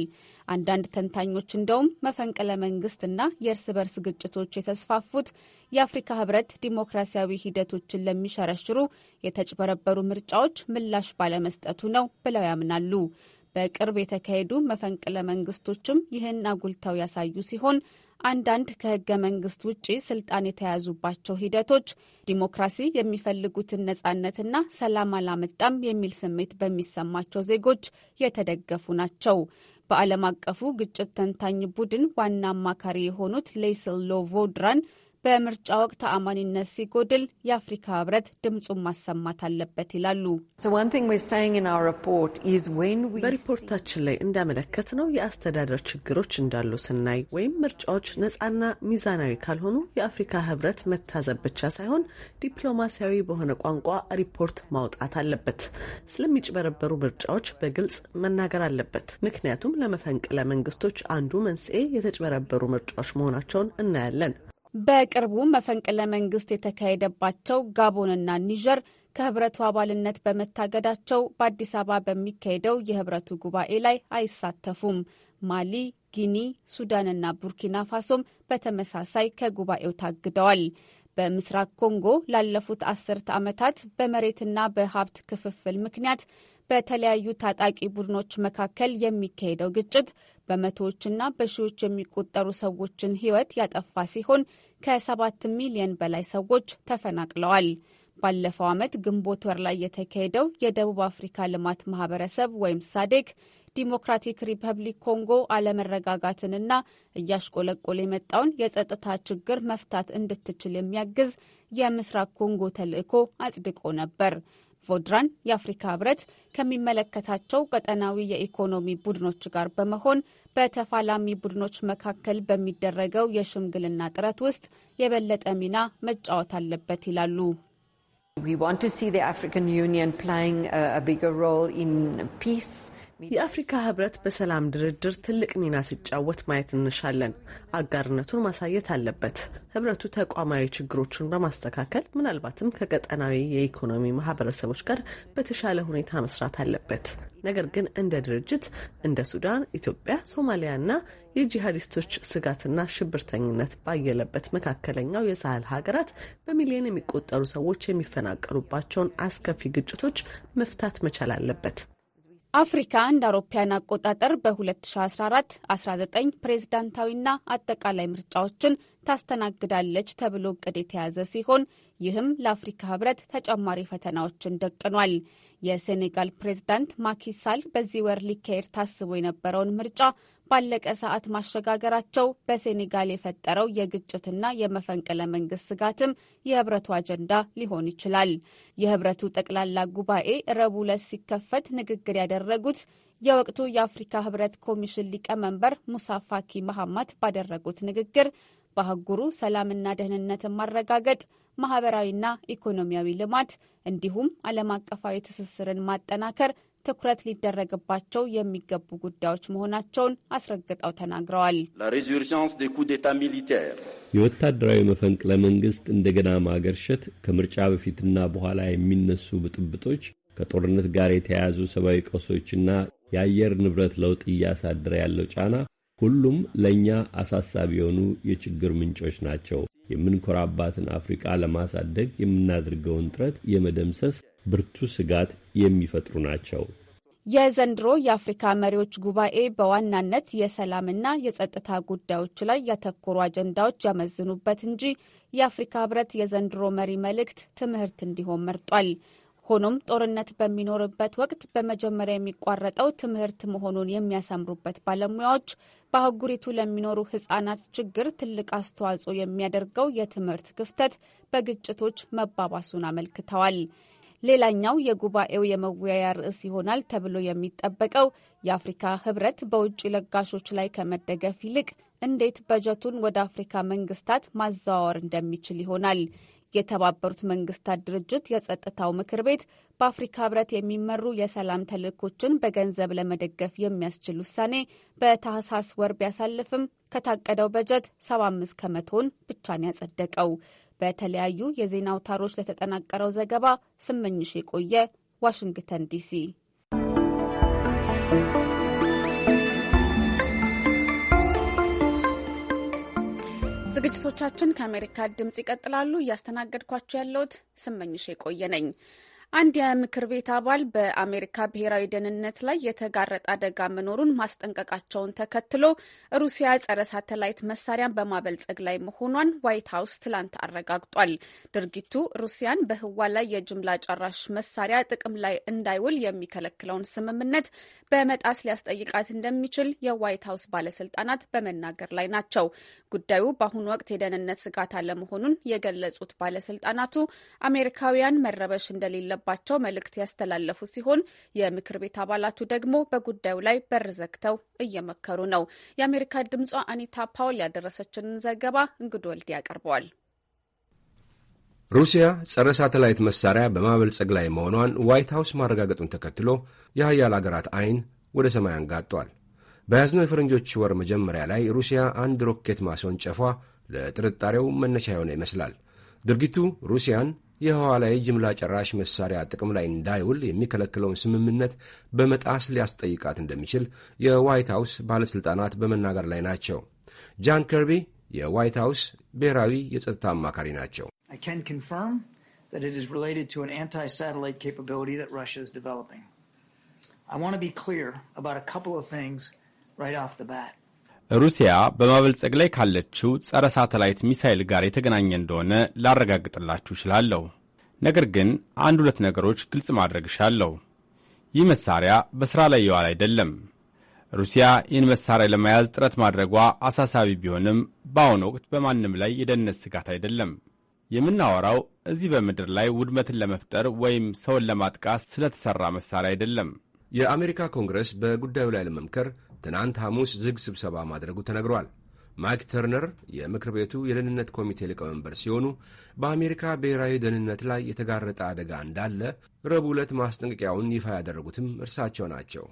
አንዳንድ ተንታኞች እንደውም መፈንቅለ መንግስትና የእርስ በርስ ግጭቶች የተስፋፉት የአፍሪካ ህብረት ዲሞክራሲያዊ ሂደቶችን ለሚሸረሽሩ የተጭበረበሩ ምርጫዎች ምላሽ ባለመስጠቱ ነው ብለው ያምናሉ። በቅርብ የተካሄዱ መፈንቅለ መንግስቶችም ይህን አጉልተው ያሳዩ ሲሆን አንዳንድ ከህገ መንግስት ውጪ ስልጣን የተያዙባቸው ሂደቶች ዲሞክራሲ የሚፈልጉትን ነጻነትና ሰላም አላመጣም የሚል ስሜት በሚሰማቸው ዜጎች የተደገፉ ናቸው። በዓለም አቀፉ ግጭት ተንታኝ ቡድን ዋና አማካሪ የሆኑት ሌስል ሎቮድራን በምርጫ ወቅት ተአማኒነት ሲጎድል የአፍሪካ ህብረት ድምፁን ማሰማት አለበት ይላሉ። በሪፖርታችን ላይ እንዳመለከት ነው የአስተዳደር ችግሮች እንዳሉ ስናይ ወይም ምርጫዎች ነፃና ሚዛናዊ ካልሆኑ የአፍሪካ ህብረት መታዘብ ብቻ ሳይሆን ዲፕሎማሲያዊ በሆነ ቋንቋ ሪፖርት ማውጣት አለበት። ስለሚጭበረበሩ ምርጫዎች በግልጽ መናገር አለበት። ምክንያቱም ለመፈንቅለ መንግስቶች አንዱ መንስኤ የተጭበረበሩ ምርጫዎች መሆናቸውን እናያለን። በቅርቡ መፈንቅለ መንግስት የተካሄደባቸው ጋቦንና ኒጀር ከህብረቱ አባልነት በመታገዳቸው በአዲስ አበባ በሚካሄደው የህብረቱ ጉባኤ ላይ አይሳተፉም። ማሊ፣ ጊኒ፣ ሱዳንና ቡርኪና ፋሶም በተመሳሳይ ከጉባኤው ታግደዋል። በምስራቅ ኮንጎ ላለፉት አስርት ዓመታት በመሬትና በሀብት ክፍፍል ምክንያት በተለያዩ ታጣቂ ቡድኖች መካከል የሚካሄደው ግጭት በመቶዎችና በሺዎች የሚቆጠሩ ሰዎችን ሕይወት ያጠፋ ሲሆን ከሰባት ሚሊየን በላይ ሰዎች ተፈናቅለዋል። ባለፈው ዓመት ግንቦት ወር ላይ የተካሄደው የደቡብ አፍሪካ ልማት ማህበረሰብ ወይም ሳዴክ ዲሞክራቲክ ሪፐብሊክ ኮንጎ አለመረጋጋትንና እያሽቆለቆለ የመጣውን የጸጥታ ችግር መፍታት እንድትችል የሚያግዝ የምስራቅ ኮንጎ ተልዕኮ አጽድቆ ነበር። ቮድራን የአፍሪካ ህብረት ከሚመለከታቸው ቀጠናዊ የኢኮኖሚ ቡድኖች ጋር በመሆን በተፋላሚ ቡድኖች መካከል በሚደረገው የሽምግልና ጥረት ውስጥ የበለጠ ሚና መጫወት አለበት ይላሉ። We want to see the African Union playing a bigger role in peace. የአፍሪካ ህብረት በሰላም ድርድር ትልቅ ሚና ሲጫወት ማየት እንሻለን። አጋርነቱን ማሳየት አለበት። ህብረቱ ተቋማዊ ችግሮችን በማስተካከል ምናልባትም ከቀጠናዊ የኢኮኖሚ ማህበረሰቦች ጋር በተሻለ ሁኔታ መስራት አለበት። ነገር ግን እንደ ድርጅት እንደ ሱዳን፣ ኢትዮጵያ፣ ሶማሊያና የጂሃዲስቶች ስጋትና ሽብርተኝነት ባየለበት መካከለኛው የሳህል ሀገራት በሚሊዮን የሚቆጠሩ ሰዎች የሚፈናቀሉባቸውን አስከፊ ግጭቶች መፍታት መቻል አለበት። አፍሪካ እንደ አውሮፓያን አቆጣጠር በ2014 19 ፕሬዝዳንታዊና አጠቃላይ ምርጫዎችን ታስተናግዳለች ተብሎ እቅድ የተያዘ ሲሆን ይህም ለአፍሪካ ህብረት ተጨማሪ ፈተናዎችን ደቅኗል። የሴኔጋል ፕሬዝዳንት ማኪሳል በዚህ ወር ሊካሄድ ታስቦ የነበረውን ምርጫ ባለቀ ሰዓት ማሸጋገራቸው በሴኔጋል የፈጠረው የግጭትና የመፈንቅለ መንግስት ስጋትም የህብረቱ አጀንዳ ሊሆን ይችላል። የህብረቱ ጠቅላላ ጉባኤ ረቡዕ ዕለት ሲከፈት ንግግር ያደረጉት የወቅቱ የአፍሪካ ህብረት ኮሚሽን ሊቀመንበር ሙሳ ፋኪ መሐማት ባደረጉት ንግግር በአህጉሩ ሰላምና ደህንነትን ማረጋገጥ፣ ማህበራዊና ኢኮኖሚያዊ ልማት እንዲሁም ዓለም አቀፋዊ ትስስርን ማጠናከር ትኩረት ሊደረግባቸው የሚገቡ ጉዳዮች መሆናቸውን አስረግጠው ተናግረዋል። የወታደራዊ መፈንቅለ መንግስት እንደገና ማገርሸት፣ ከምርጫ በፊትና በኋላ የሚነሱ ብጥብጦች፣ ከጦርነት ጋር የተያያዙ ሰብአዊ ቀውሶችና የአየር ንብረት ለውጥ እያሳደረ ያለው ጫና ሁሉም ለእኛ አሳሳቢ የሆኑ የችግር ምንጮች ናቸው። የምንኮራባትን አፍሪቃ ለማሳደግ የምናደርገውን ጥረት የመደምሰስ ብርቱ ስጋት የሚፈጥሩ ናቸው። የዘንድሮ የአፍሪካ መሪዎች ጉባኤ በዋናነት የሰላምና የጸጥታ ጉዳዮች ላይ ያተኮሩ አጀንዳዎች ያመዝኑበት እንጂ የአፍሪካ ህብረት የዘንድሮ መሪ መልእክት ትምህርት እንዲሆን መርጧል። ሆኖም ጦርነት በሚኖርበት ወቅት በመጀመሪያ የሚቋረጠው ትምህርት መሆኑን የሚያሰምሩበት ባለሙያዎች በአህጉሪቱ ለሚኖሩ ህጻናት ችግር ትልቅ አስተዋጽኦ የሚያደርገው የትምህርት ክፍተት በግጭቶች መባባሱን አመልክተዋል። ሌላኛው የጉባኤው የመወያያ ርዕስ ይሆናል ተብሎ የሚጠበቀው የአፍሪካ ህብረት በውጭ ለጋሾች ላይ ከመደገፍ ይልቅ እንዴት በጀቱን ወደ አፍሪካ መንግስታት ማዘዋወር እንደሚችል ይሆናል። የተባበሩት መንግስታት ድርጅት የጸጥታው ምክር ቤት በአፍሪካ ህብረት የሚመሩ የሰላም ተልእኮችን በገንዘብ ለመደገፍ የሚያስችል ውሳኔ በታህሳስ ወር ቢያሳልፍም ከታቀደው በጀት 75 ከመቶን ብቻ ነው ያጸደቀው። በተለያዩ የዜና አውታሮች ለተጠናቀረው ዘገባ ስመኝሽ የቆየ ዋሽንግተን ዲሲ። ዝግጅቶቻችን ከአሜሪካ ድምፅ ይቀጥላሉ። እያስተናገድኳቸው ያለሁት ስመኝሽ የቆየ ነኝ። አንድ የምክር ቤት አባል በአሜሪካ ብሔራዊ ደህንነት ላይ የተጋረጠ አደጋ መኖሩን ማስጠንቀቃቸውን ተከትሎ ሩሲያ ጸረ ሳተላይት መሳሪያን በማበልጸግ ላይ መሆኗን ዋይት ሀውስ ትላንት አረጋግጧል። ድርጊቱ ሩሲያን በህዋ ላይ የጅምላ ጨራሽ መሳሪያ ጥቅም ላይ እንዳይውል የሚከለክለውን ስምምነት በመጣስ ሊያስጠይቃት እንደሚችል የዋይት ሀውስ ባለስልጣናት በመናገር ላይ ናቸው። ጉዳዩ በአሁኑ ወቅት የደህንነት ስጋት አለመሆኑን የገለጹት ባለስልጣናቱ አሜሪካውያን መረበሽ እንደሌለባቸው መልእክት ያስተላለፉ ሲሆን የምክር ቤት አባላቱ ደግሞ በጉዳዩ ላይ በር ዘግተው እየመከሩ ነው። የአሜሪካ ድምጿ አኒታ ፓውል ያደረሰችንን ዘገባ እንግዶ ወልድ ያቀርበዋል። ሩሲያ ጸረ ሳተላይት መሳሪያ በማበልጸግ ላይ መሆኗን ዋይት ሀውስ ማረጋገጡን ተከትሎ የሀያል አገራት አይን ወደ ሰማይ አንጋጧል። በያዝነው የፈረንጆች ወር መጀመሪያ ላይ ሩሲያ አንድ ሮኬት ማስወንጨፏ ለጥርጣሬው መነሻ የሆነ ይመስላል። ድርጊቱ ሩሲያን የህዋ ላይ ጅምላ ጨራሽ መሳሪያ ጥቅም ላይ እንዳይውል የሚከለክለውን ስምምነት በመጣስ ሊያስጠይቃት እንደሚችል የዋይት ሀውስ ባለሥልጣናት በመናገር ላይ ናቸው። ጃን ከርቢ የዋይት ሀውስ ብሔራዊ የጸጥታ አማካሪ ናቸው። I want to be clear about a couple of ሩሲያ በማበልጸግ ላይ ካለችው ጸረ ሳተላይት ሚሳይል ጋር የተገናኘ እንደሆነ ላረጋግጥላችሁ እችላለሁ። ነገር ግን አንድ ሁለት ነገሮች ግልጽ ማድረግ እሻለሁ። ይህ መሳሪያ በሥራ ላይ የዋለ አይደለም። ሩሲያ ይህን መሳሪያ ለመያዝ ጥረት ማድረጓ አሳሳቢ ቢሆንም በአሁኑ ወቅት በማንም ላይ የደህንነት ስጋት አይደለም። የምናወራው እዚህ በምድር ላይ ውድመትን ለመፍጠር ወይም ሰውን ለማጥቃት ስለተሠራ መሳሪያ አይደለም። የአሜሪካ ኮንግረስ በጉዳዩ ላይ ለመምከር ትናንት ሐሙስ ዝግ ስብሰባ ማድረጉ ተነግሯል። ማይክ ተርነር የምክር ቤቱ የደህንነት ኮሚቴ ሊቀመንበር ሲሆኑ በአሜሪካ ብሔራዊ ደህንነት ላይ የተጋረጠ አደጋ እንዳለ ረቡዕ ዕለት ማስጠንቀቂያውን ይፋ ያደረጉትም እርሳቸው ናቸው።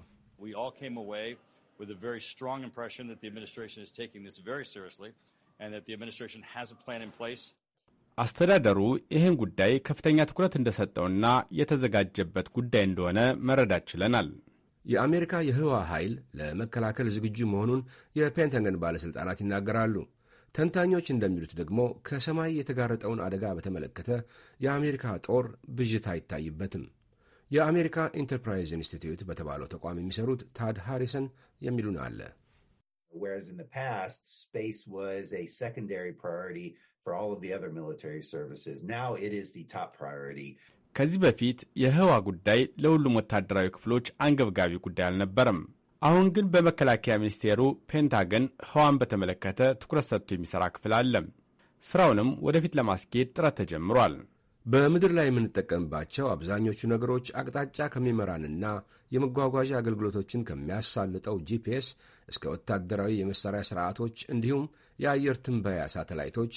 አስተዳደሩ ይህን ጉዳይ ከፍተኛ ትኩረት እንደሰጠውና የተዘጋጀበት ጉዳይ እንደሆነ መረዳት ችለናል። የአሜሪካ የህዋ ኃይል ለመከላከል ዝግጁ መሆኑን የፔንታገን ባለሥልጣናት ይናገራሉ። ተንታኞች እንደሚሉት ደግሞ ከሰማይ የተጋረጠውን አደጋ በተመለከተ የአሜሪካ ጦር ብዥታ አይታይበትም። የአሜሪካ ኢንተርፕራይዝ ኢንስቲትዩት በተባለው ተቋም የሚሰሩት ታድ ሃሪሰን የሚሉን አለ። ከዚህ በፊት የህዋ ጉዳይ ለሁሉም ወታደራዊ ክፍሎች አንገብጋቢ ጉዳይ አልነበረም። አሁን ግን በመከላከያ ሚኒስቴሩ ፔንታገን ህዋን በተመለከተ ትኩረት ሰጥቶ የሚሠራ ክፍል አለ። ሥራውንም ወደፊት ለማስኬድ ጥረት ተጀምሯል። በምድር ላይ የምንጠቀምባቸው አብዛኞቹ ነገሮች አቅጣጫ ከሚመራንና የመጓጓዣ አገልግሎቶችን ከሚያሳልጠው ጂፒኤስ እስከ ወታደራዊ የመሣሪያ ሥርዓቶች እንዲሁም የአየር ትንበያ ሳተላይቶች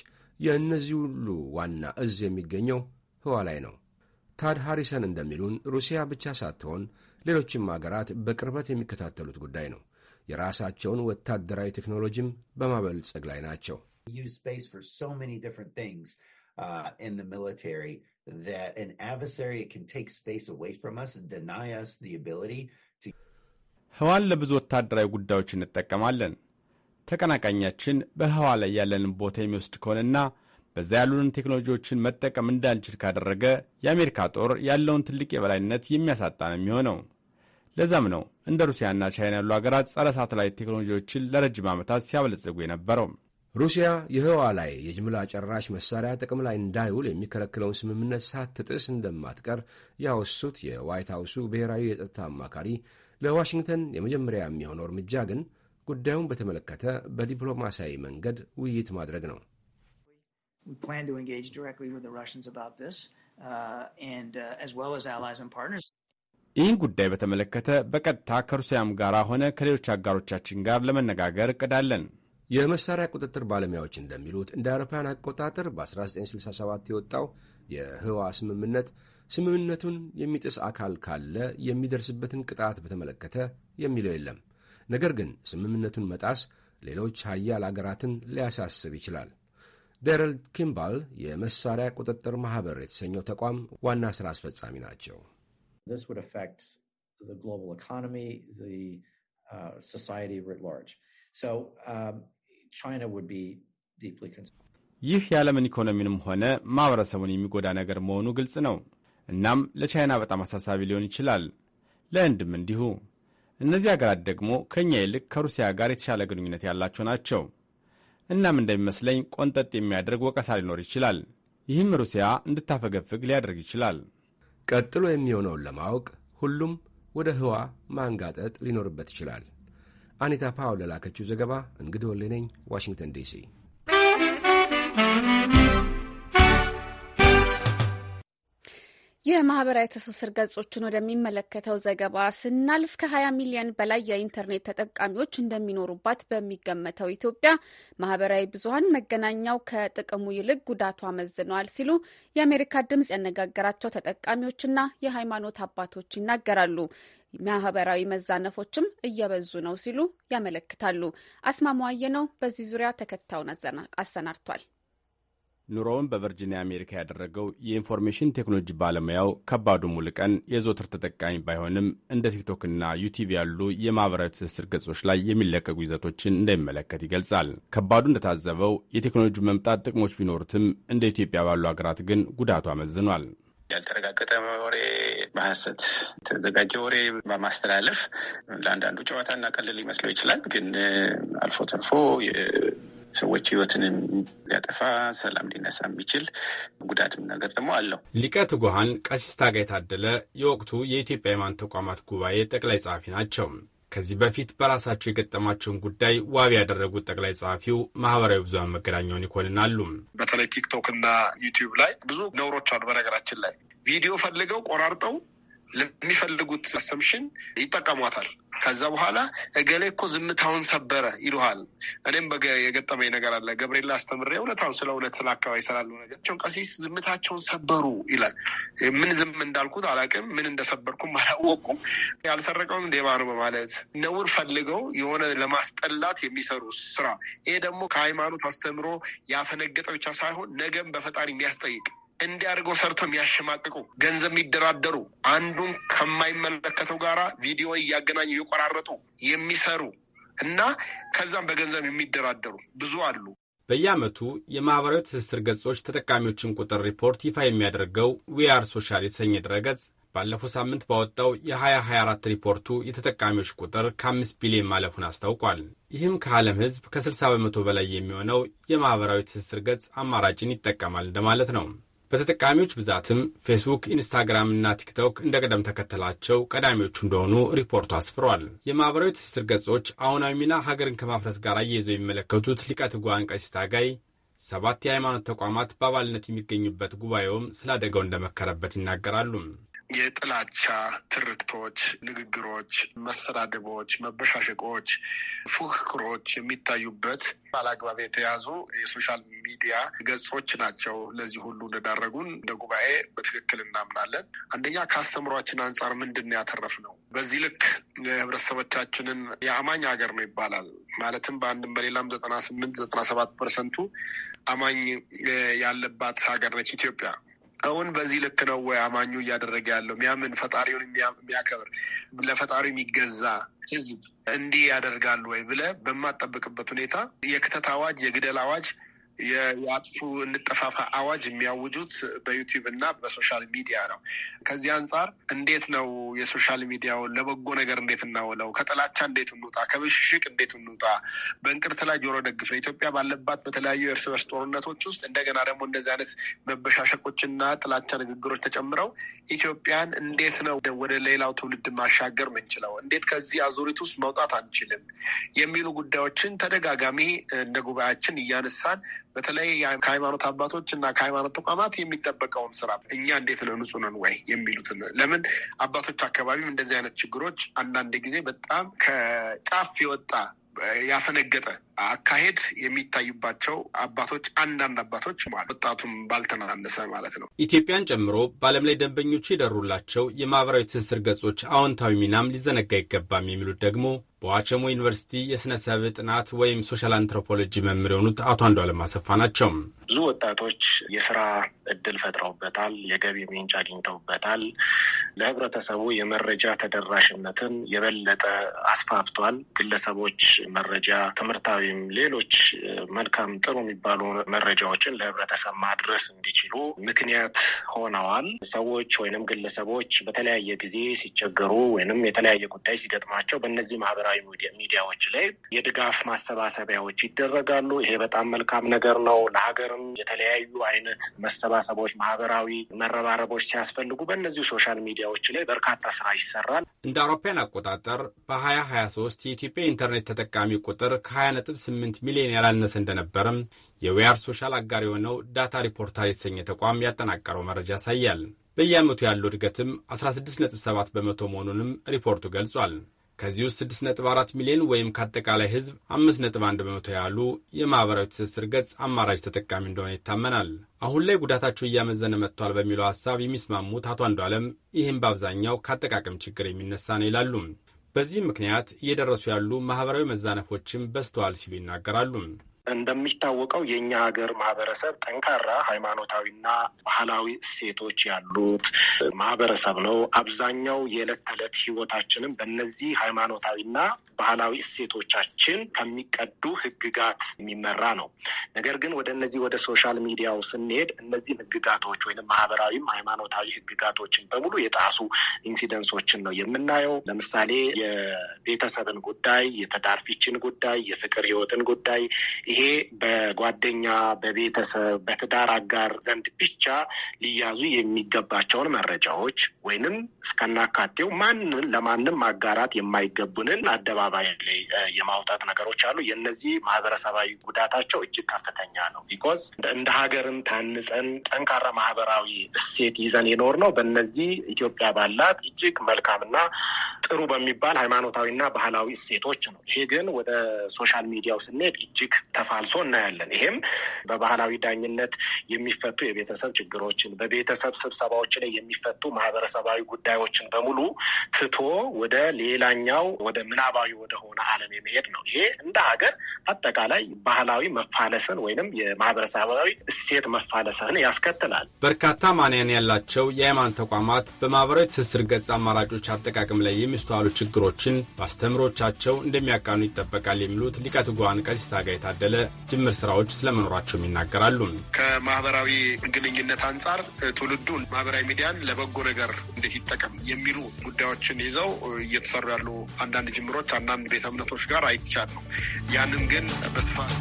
የእነዚህ ሁሉ ዋና እዝ የሚገኘው ህዋ ላይ ነው። ታድ ሃሪሰን እንደሚሉን ሩሲያ ብቻ ሳትሆን ሌሎችም አገራት በቅርበት የሚከታተሉት ጉዳይ ነው። የራሳቸውን ወታደራዊ ቴክኖሎጂም በማበልጸግ ላይ ናቸው። uh, ህዋን ለብዙ ወታደራዊ ጉዳዮች እንጠቀማለን። ተቀናቃኛችን በህዋ ላይ ያለንን ቦታ የሚወስድ ከሆነና በዛ ያሉንን ቴክኖሎጂዎችን መጠቀም እንዳንችል ካደረገ የአሜሪካ ጦር ያለውን ትልቅ የበላይነት የሚያሳጣ ነው የሚሆነው። ለዛም ነው እንደ ሩሲያና ቻይና ያሉ ሀገራት ጸረ ሳተላይት ቴክኖሎጂዎችን ለረጅም ዓመታት ሲያበለጽጉ የነበረው። ሩሲያ የህዋ ላይ የጅምላ ጨራሽ መሳሪያ ጥቅም ላይ እንዳይውል የሚከለክለውን ስምምነት ሳትጥስ እንደማትቀር ያወሱት የዋይት ሀውሱ ብሔራዊ የጸጥታ አማካሪ ለዋሽንግተን የመጀመሪያ የሚሆነው እርምጃ ግን ጉዳዩን በተመለከተ በዲፕሎማሲያዊ መንገድ ውይይት ማድረግ ነው። We plan to engage directly with the Russians about this, uh, and uh, as well as allies and partners. ይህን ጉዳይ በተመለከተ በቀጥታ ከሩሲያም ጋር ሆነ ከሌሎች አጋሮቻችን ጋር ለመነጋገር እቅዳለን። የመሳሪያ ቁጥጥር ባለሙያዎች እንደሚሉት እንደ አውሮፓውያን አቆጣጠር በ1967 የወጣው የህዋ ስምምነት ስምምነቱን የሚጥስ አካል ካለ የሚደርስበትን ቅጣት በተመለከተ የሚለው የለም። ነገር ግን ስምምነቱን መጣስ ሌሎች ሀያል አገራትን ሊያሳስብ ይችላል። ዴረል ኪምባል የመሳሪያ ቁጥጥር ማህበር የተሰኘው ተቋም ዋና ስራ አስፈጻሚ ናቸው። uh, um, ይህ የዓለምን ኢኮኖሚንም ሆነ ማህበረሰቡን የሚጎዳ ነገር መሆኑ ግልጽ ነው። እናም ለቻይና በጣም አሳሳቢ ሊሆን ይችላል፣ ለህንድም እንዲሁ። እነዚህ አገራት ደግሞ ከእኛ ይልቅ ከሩሲያ ጋር የተሻለ ግንኙነት ያላቸው ናቸው። እናም እንደሚመስለኝ ቆንጠጥ የሚያደርግ ወቀሳ ሊኖር ይችላል። ይህም ሩሲያ እንድታፈገፍግ ሊያደርግ ይችላል። ቀጥሎ የሚሆነውን ለማወቅ ሁሉም ወደ ህዋ ማንጋጠጥ ሊኖርበት ይችላል። አኒታ ፓውል ለላከችው ዘገባ እንግዲህ ወሌ ነኝ ዋሽንግተን ዲሲ የማህበራዊ ትስስር ገጾችን ወደሚመለከተው ዘገባ ስናልፍ ከ20 ሚሊዮን በላይ የኢንተርኔት ተጠቃሚዎች እንደሚኖሩባት በሚገመተው ኢትዮጵያ ማህበራዊ ብዙሀን መገናኛው ከጥቅሙ ይልቅ ጉዳቱ አመዝነዋል ሲሉ የአሜሪካ ድምጽ ያነጋገራቸው ተጠቃሚዎችና የሃይማኖት አባቶች ይናገራሉ። ማህበራዊ መዛነፎችም እየበዙ ነው ሲሉ ያመለክታሉ። አስማማዋየ ነው በዚህ ዙሪያ ተከታዩን አሰናድቷል። ኑሮውን በቨርጂኒያ አሜሪካ ያደረገው የኢንፎርሜሽን ቴክኖሎጂ ባለሙያው ከባዱ ሙልቀን የዘወትር ተጠቃሚ ባይሆንም እንደ ቲክቶክና ዩቲዩብ ያሉ የማህበራዊ ትስስር ገጾች ላይ የሚለቀቁ ይዘቶችን እንደሚመለከት ይገልጻል። ከባዱ እንደታዘበው የቴክኖሎጂ መምጣት ጥቅሞች ቢኖሩትም እንደ ኢትዮጵያ ባሉ ሀገራት ግን ጉዳቱ አመዝኗል። ያልተረጋገጠ ወሬ፣ በሀሰት የተዘጋጀ ወሬ በማስተላለፍ ለአንዳንዱ ጨዋታና ቀልል ሊመስለው ይችላል። ግን አልፎ ተርፎ ሰዎች ህይወትን ሊያጠፋ ሰላም ሊነሳ የሚችል ጉዳትም ነገር ደግሞ አለው። ሊቀ ትጉሃን ቀሲስ ታጋይ ታደለ የወቅቱ የኢትዮጵያ ሃይማኖት ተቋማት ጉባኤ ጠቅላይ ጸሐፊ ናቸው። ከዚህ በፊት በራሳቸው የገጠማቸውን ጉዳይ ዋቢ ያደረጉት ጠቅላይ ጸሐፊው ማህበራዊ ብዙሀን መገናኛውን ይኮንናሉ። በተለይ ቲክቶክ እና ዩቲዩብ ላይ ብዙ ነውሮች አሉ። በነገራችን ላይ ቪዲዮ ፈልገው ቆራርጠው ለሚፈልጉት አሰምሽን ይጠቀሟታል። ከዛ በኋላ እገሌ እኮ ዝምታውን ሰበረ ይሉሃል። እኔም የገጠመኝ ነገር አለ። ገብርኤል አስተምሬ እውነታውን ስለ እውነት ስለ አካባቢ ስላለው ነገራቸውን ቀሲስ ዝምታቸውን ሰበሩ ይላል። ምን ዝም እንዳልኩት አላውቅም፣ ምን እንደሰበርኩም አላወቁም። ያልሰረቀውም ሌባ ነው በማለት ነውር ፈልገው የሆነ ለማስጠላት የሚሰሩ ስራ። ይሄ ደግሞ ከሃይማኖት አስተምሮ ያፈነገጠ ብቻ ሳይሆን ነገም በፈጣሪ የሚያስጠይቅ እንዲያደርገው ሰርቶ የሚያሸማቅቁ ገንዘብ የሚደራደሩ አንዱን ከማይመለከተው ጋር ቪዲዮ እያገናኙ እየቆራረጡ የሚሰሩ እና ከዛም በገንዘብ የሚደራደሩ ብዙ አሉ። በየዓመቱ የማኅበራዊ ትስስር ገጾች ተጠቃሚዎችን ቁጥር ሪፖርት ይፋ የሚያደርገው ዊአር ሶሻል የተሰኘ ድረገጽ ባለፈው ሳምንት ባወጣው የ2024 ሪፖርቱ የተጠቃሚዎች ቁጥር ከ5 ቢሊዮን ማለፉን አስታውቋል። ይህም ከዓለም ሕዝብ ከ60 በመቶ በላይ የሚሆነው የማኅበራዊ ትስስር ገጽ አማራጭን ይጠቀማል እንደማለት ነው። በተጠቃሚዎች ብዛትም ፌስቡክ፣ ኢንስታግራም እና ቲክቶክ እንደ ቅደም ተከተላቸው ቀዳሚዎቹ እንደሆኑ ሪፖርቱ አስፍሯል። የማኅበራዊ ትስስር ገጾች አሁናዊ ሚና ሀገርን ከማፍረስ ጋር አያይዘው የሚመለከቱት ሊቀ ትጉሃን ቀሲስ ታጋይ ሰባት የሃይማኖት ተቋማት በአባልነት የሚገኙበት ጉባኤውም ስላደገው እንደመከረበት ይናገራሉ። የጥላቻ ትርክቶች፣ ንግግሮች፣ መሰዳደቦች፣ መበሻሸቆች፣ ፉክክሮች የሚታዩበት ባላግባብ የተያዙ የሶሻል ሚዲያ ገጾች ናቸው። ለዚህ ሁሉ እንደዳረጉን እንደ ጉባኤ በትክክል እናምናለን። አንደኛ ከአስተምሯችን አንጻር ምንድን ነው ያተረፍነው? በዚህ ልክ ህብረተሰቦቻችንን የአማኝ ሀገር ነው ይባላል። ማለትም በአንድም በሌላም ዘጠና ስምንት ዘጠና ሰባት ፐርሰንቱ አማኝ ያለባት ሀገር ነች ኢትዮጵያ። ሰውን በዚህ ልክ ነው ወይ አማኙ እያደረገ ያለው ሚያምን ፈጣሪውን የሚያከብር ለፈጣሪው የሚገዛ ህዝብ እንዲህ ያደርጋሉ ወይ ብለ በማጠበቅበት ሁኔታ የክተት አዋጅ፣ የግደል አዋጅ የአጥፉ እንጠፋፋ አዋጅ የሚያውጁት በዩቲዩብ እና በሶሻል ሚዲያ ነው። ከዚህ አንጻር እንዴት ነው የሶሻል ሚዲያውን ለበጎ ነገር እንዴት እናውለው? ከጥላቻ እንዴት እንውጣ? ከብሽሽቅ እንዴት እንውጣ? በእንቅርት ላይ ጆሮ ደግፍ ነው። ኢትዮጵያ ባለባት በተለያዩ የእርስ በርስ ጦርነቶች ውስጥ እንደገና ደግሞ እንደዚህ አይነት መበሻሸቆችና ጥላቻ ንግግሮች ተጨምረው ኢትዮጵያን እንዴት ነው ወደ ሌላው ትውልድ ማሻገር ምንችለው? እንዴት ከዚህ አዙሪት ውስጥ መውጣት አንችልም? የሚሉ ጉዳዮችን ተደጋጋሚ እንደ ጉባኤያችን እያነሳን በተለይ ከሃይማኖት አባቶች እና ከሃይማኖት ተቋማት የሚጠበቀውን ስራ እኛ እንዴት ነው ነን ወይ የሚሉትን ለምን አባቶች አካባቢም እንደዚህ አይነት ችግሮች አንዳንድ ጊዜ በጣም ከጫፍ የወጣ ያፈነገጠ አካሄድ የሚታዩባቸው አባቶች አንዳንድ አባቶች ማለት ወጣቱም ባልተናነሰ ማለት ነው። ኢትዮጵያን ጨምሮ በዓለም ላይ ደንበኞቹ የደሩላቸው የማህበራዊ ትስስር ገጾች አዎንታዊ ሚናም ሊዘነጋ አይገባም የሚሉት ደግሞ በዋቸሞ ዩኒቨርሲቲ የሥነ ሰብ ጥናት ወይም ሶሻል አንትሮፖሎጂ መምህር የሆኑት አቶ አንዷለም አሰፋ ናቸው። ብዙ ወጣቶች የስራ እድል ፈጥረውበታል፣ የገቢ ምንጭ አግኝተውበታል። ለህብረተሰቡ የመረጃ ተደራሽነትን የበለጠ አስፋፍቷል። ግለሰቦች መረጃ፣ ትምህርታዊም፣ ሌሎች መልካም ጥሩ የሚባሉ መረጃዎችን ለህብረተሰብ ማድረስ እንዲችሉ ምክንያት ሆነዋል። ሰዎች ወይንም ግለሰቦች በተለያየ ጊዜ ሲቸገሩ ወይንም የተለያየ ጉዳይ ሲገጥማቸው በእነዚህ ማህበራዊ ሚዲያዎች ላይ የድጋፍ ማሰባሰቢያዎች ይደረጋሉ። ይሄ በጣም መልካም ነገር ነው። ለሀገርም የተለያዩ አይነት መሰባሰቦች፣ ማህበራዊ መረባረቦች ሲያስፈልጉ በእነዚሁ ሶሻል ሚዲያዎች ላይ በርካታ ስራ ይሰራል። እንደ አውሮፓያን አቆጣጠር በሀያ ሀያ ሶስት የኢትዮጵያ ኢንተርኔት ተጠቃሚ ተጠቃሚ ቁጥር ከ 28 ሚሊዮን ያላነሰ እንደነበረም የዌያር ሶሻል አጋር የሆነው ዳታ ሪፖርተር የተሰኘ ተቋም ያጠናቀረው መረጃ ያሳያል። በየዓመቱ ያለው እድገትም 16.7 በመቶ መሆኑንም ሪፖርቱ ገልጿል። ከዚህ ውስጥ 6.4 ሚሊዮን ወይም ከአጠቃላይ ሕዝብ 5.1 በመቶ ያሉ የማኅበራዊ ትስስር ገጽ አማራጭ ተጠቃሚ እንደሆነ ይታመናል። አሁን ላይ ጉዳታቸው እያመዘነ መጥቷል በሚለው ሐሳብ የሚስማሙት አቶ አንዱ ዓለም ይህም በአብዛኛው ከአጠቃቀም ችግር የሚነሳ ነው ይላሉም። በዚህም ምክንያት እየደረሱ ያሉ ማኅበራዊ መዛነፎችም በስተዋል ሲሉ ይናገራሉ። እንደሚታወቀው የእኛ ሀገር ማህበረሰብ ጠንካራ ሃይማኖታዊና ባህላዊ እሴቶች ያሉት ማህበረሰብ ነው። አብዛኛው የዕለት ተዕለት ህይወታችንም በእነዚህ ሃይማኖታዊና ባህላዊ እሴቶቻችን ከሚቀዱ ህግጋት የሚመራ ነው። ነገር ግን ወደ እነዚህ ወደ ሶሻል ሚዲያው ስንሄድ እነዚህን ህግጋቶች ወይም ማህበራዊም ሃይማኖታዊ ህግጋቶችን በሙሉ የጣሱ ኢንሲደንሶችን ነው የምናየው። ለምሳሌ የቤተሰብን ጉዳይ፣ የትዳር ፍቺን ጉዳይ፣ የፍቅር ህይወትን ጉዳይ ይሄ በጓደኛ በቤተሰብ በትዳር አጋር ዘንድ ብቻ ሊያዙ የሚገባቸውን መረጃዎች ወይንም እስከናካቴው ማንን ለማንም ማጋራት የማይገቡንን አደባባይ ላይ የማውጣት ነገሮች አሉ። የነዚህ ማህበረሰባዊ ጉዳታቸው እጅግ ከፍተኛ ነው። ቢኮዝ እንደ ሀገርን ታንጸን ጠንካራ ማህበራዊ እሴት ይዘን የኖር ነው። በነዚህ ኢትዮጵያ ባላት እጅግ መልካምና ጥሩ በሚባል ሃይማኖታዊና ባህላዊ እሴቶች ነው። ይሄ ግን ወደ ሶሻል ሚዲያው ስንሄድ እጅግ ተፋልሶ እናያለን። ይሄም በባህላዊ ዳኝነት የሚፈቱ የቤተሰብ ችግሮችን፣ በቤተሰብ ስብሰባዎች ላይ የሚፈቱ ማህበረሰባዊ ጉዳዮችን በሙሉ ትቶ ወደ ሌላኛው ወደ ምናባዊ ወደሆነ ዓለም የመሄድ ነው። ይሄ እንደ ሀገር አጠቃላይ ባህላዊ መፋለስን ወይንም የማህበረሰባዊ እሴት መፋለስን ያስከትላል። በርካታ ማንያን ያላቸው የሃይማኖት ተቋማት በማህበራዊ ትስስር ገጽ አማራጮች አጠቃቀም ላይ የሚስተዋሉ ችግሮችን በአስተምሮቻቸው እንደሚያቃኑ ይጠበቃል የሚሉት ሊቀ ትጉሃን ቀሲስ ታጋይ ታደለ ያለ ጅምር ስራዎች ስለመኖራቸውም ይናገራሉ። ከማህበራዊ ግንኙነት አንጻር ትውልዱን ማህበራዊ ሚዲያን ለበጎ ነገር እንዴት ይጠቀም የሚሉ ጉዳዮችን ይዘው እየተሰሩ ያሉ አንዳንድ ጅምሮች አንዳንድ ቤተ እምነቶች ጋር አይቻል ነው። ያንን ግን በስፋት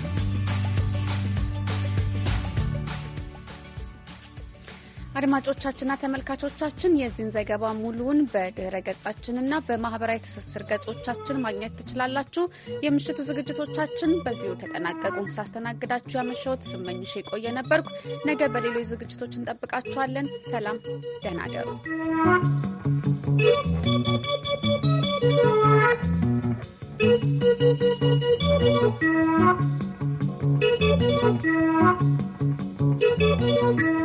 አድማጮቻችንና ተመልካቾቻችን የዚህን ዘገባ ሙሉውን በድረ ገጻችንና በማህበራዊ ትስስር ገጾቻችን ማግኘት ትችላላችሁ። የምሽቱ ዝግጅቶቻችን በዚሁ ተጠናቀቁ። ሳስተናግዳችሁ ያመሸሁት ስመኝሽ የቆየ ነበርኩ። ነገ በሌሎች ዝግጅቶች እንጠብቃችኋለን። ሰላም፣ ደህና ደሩ።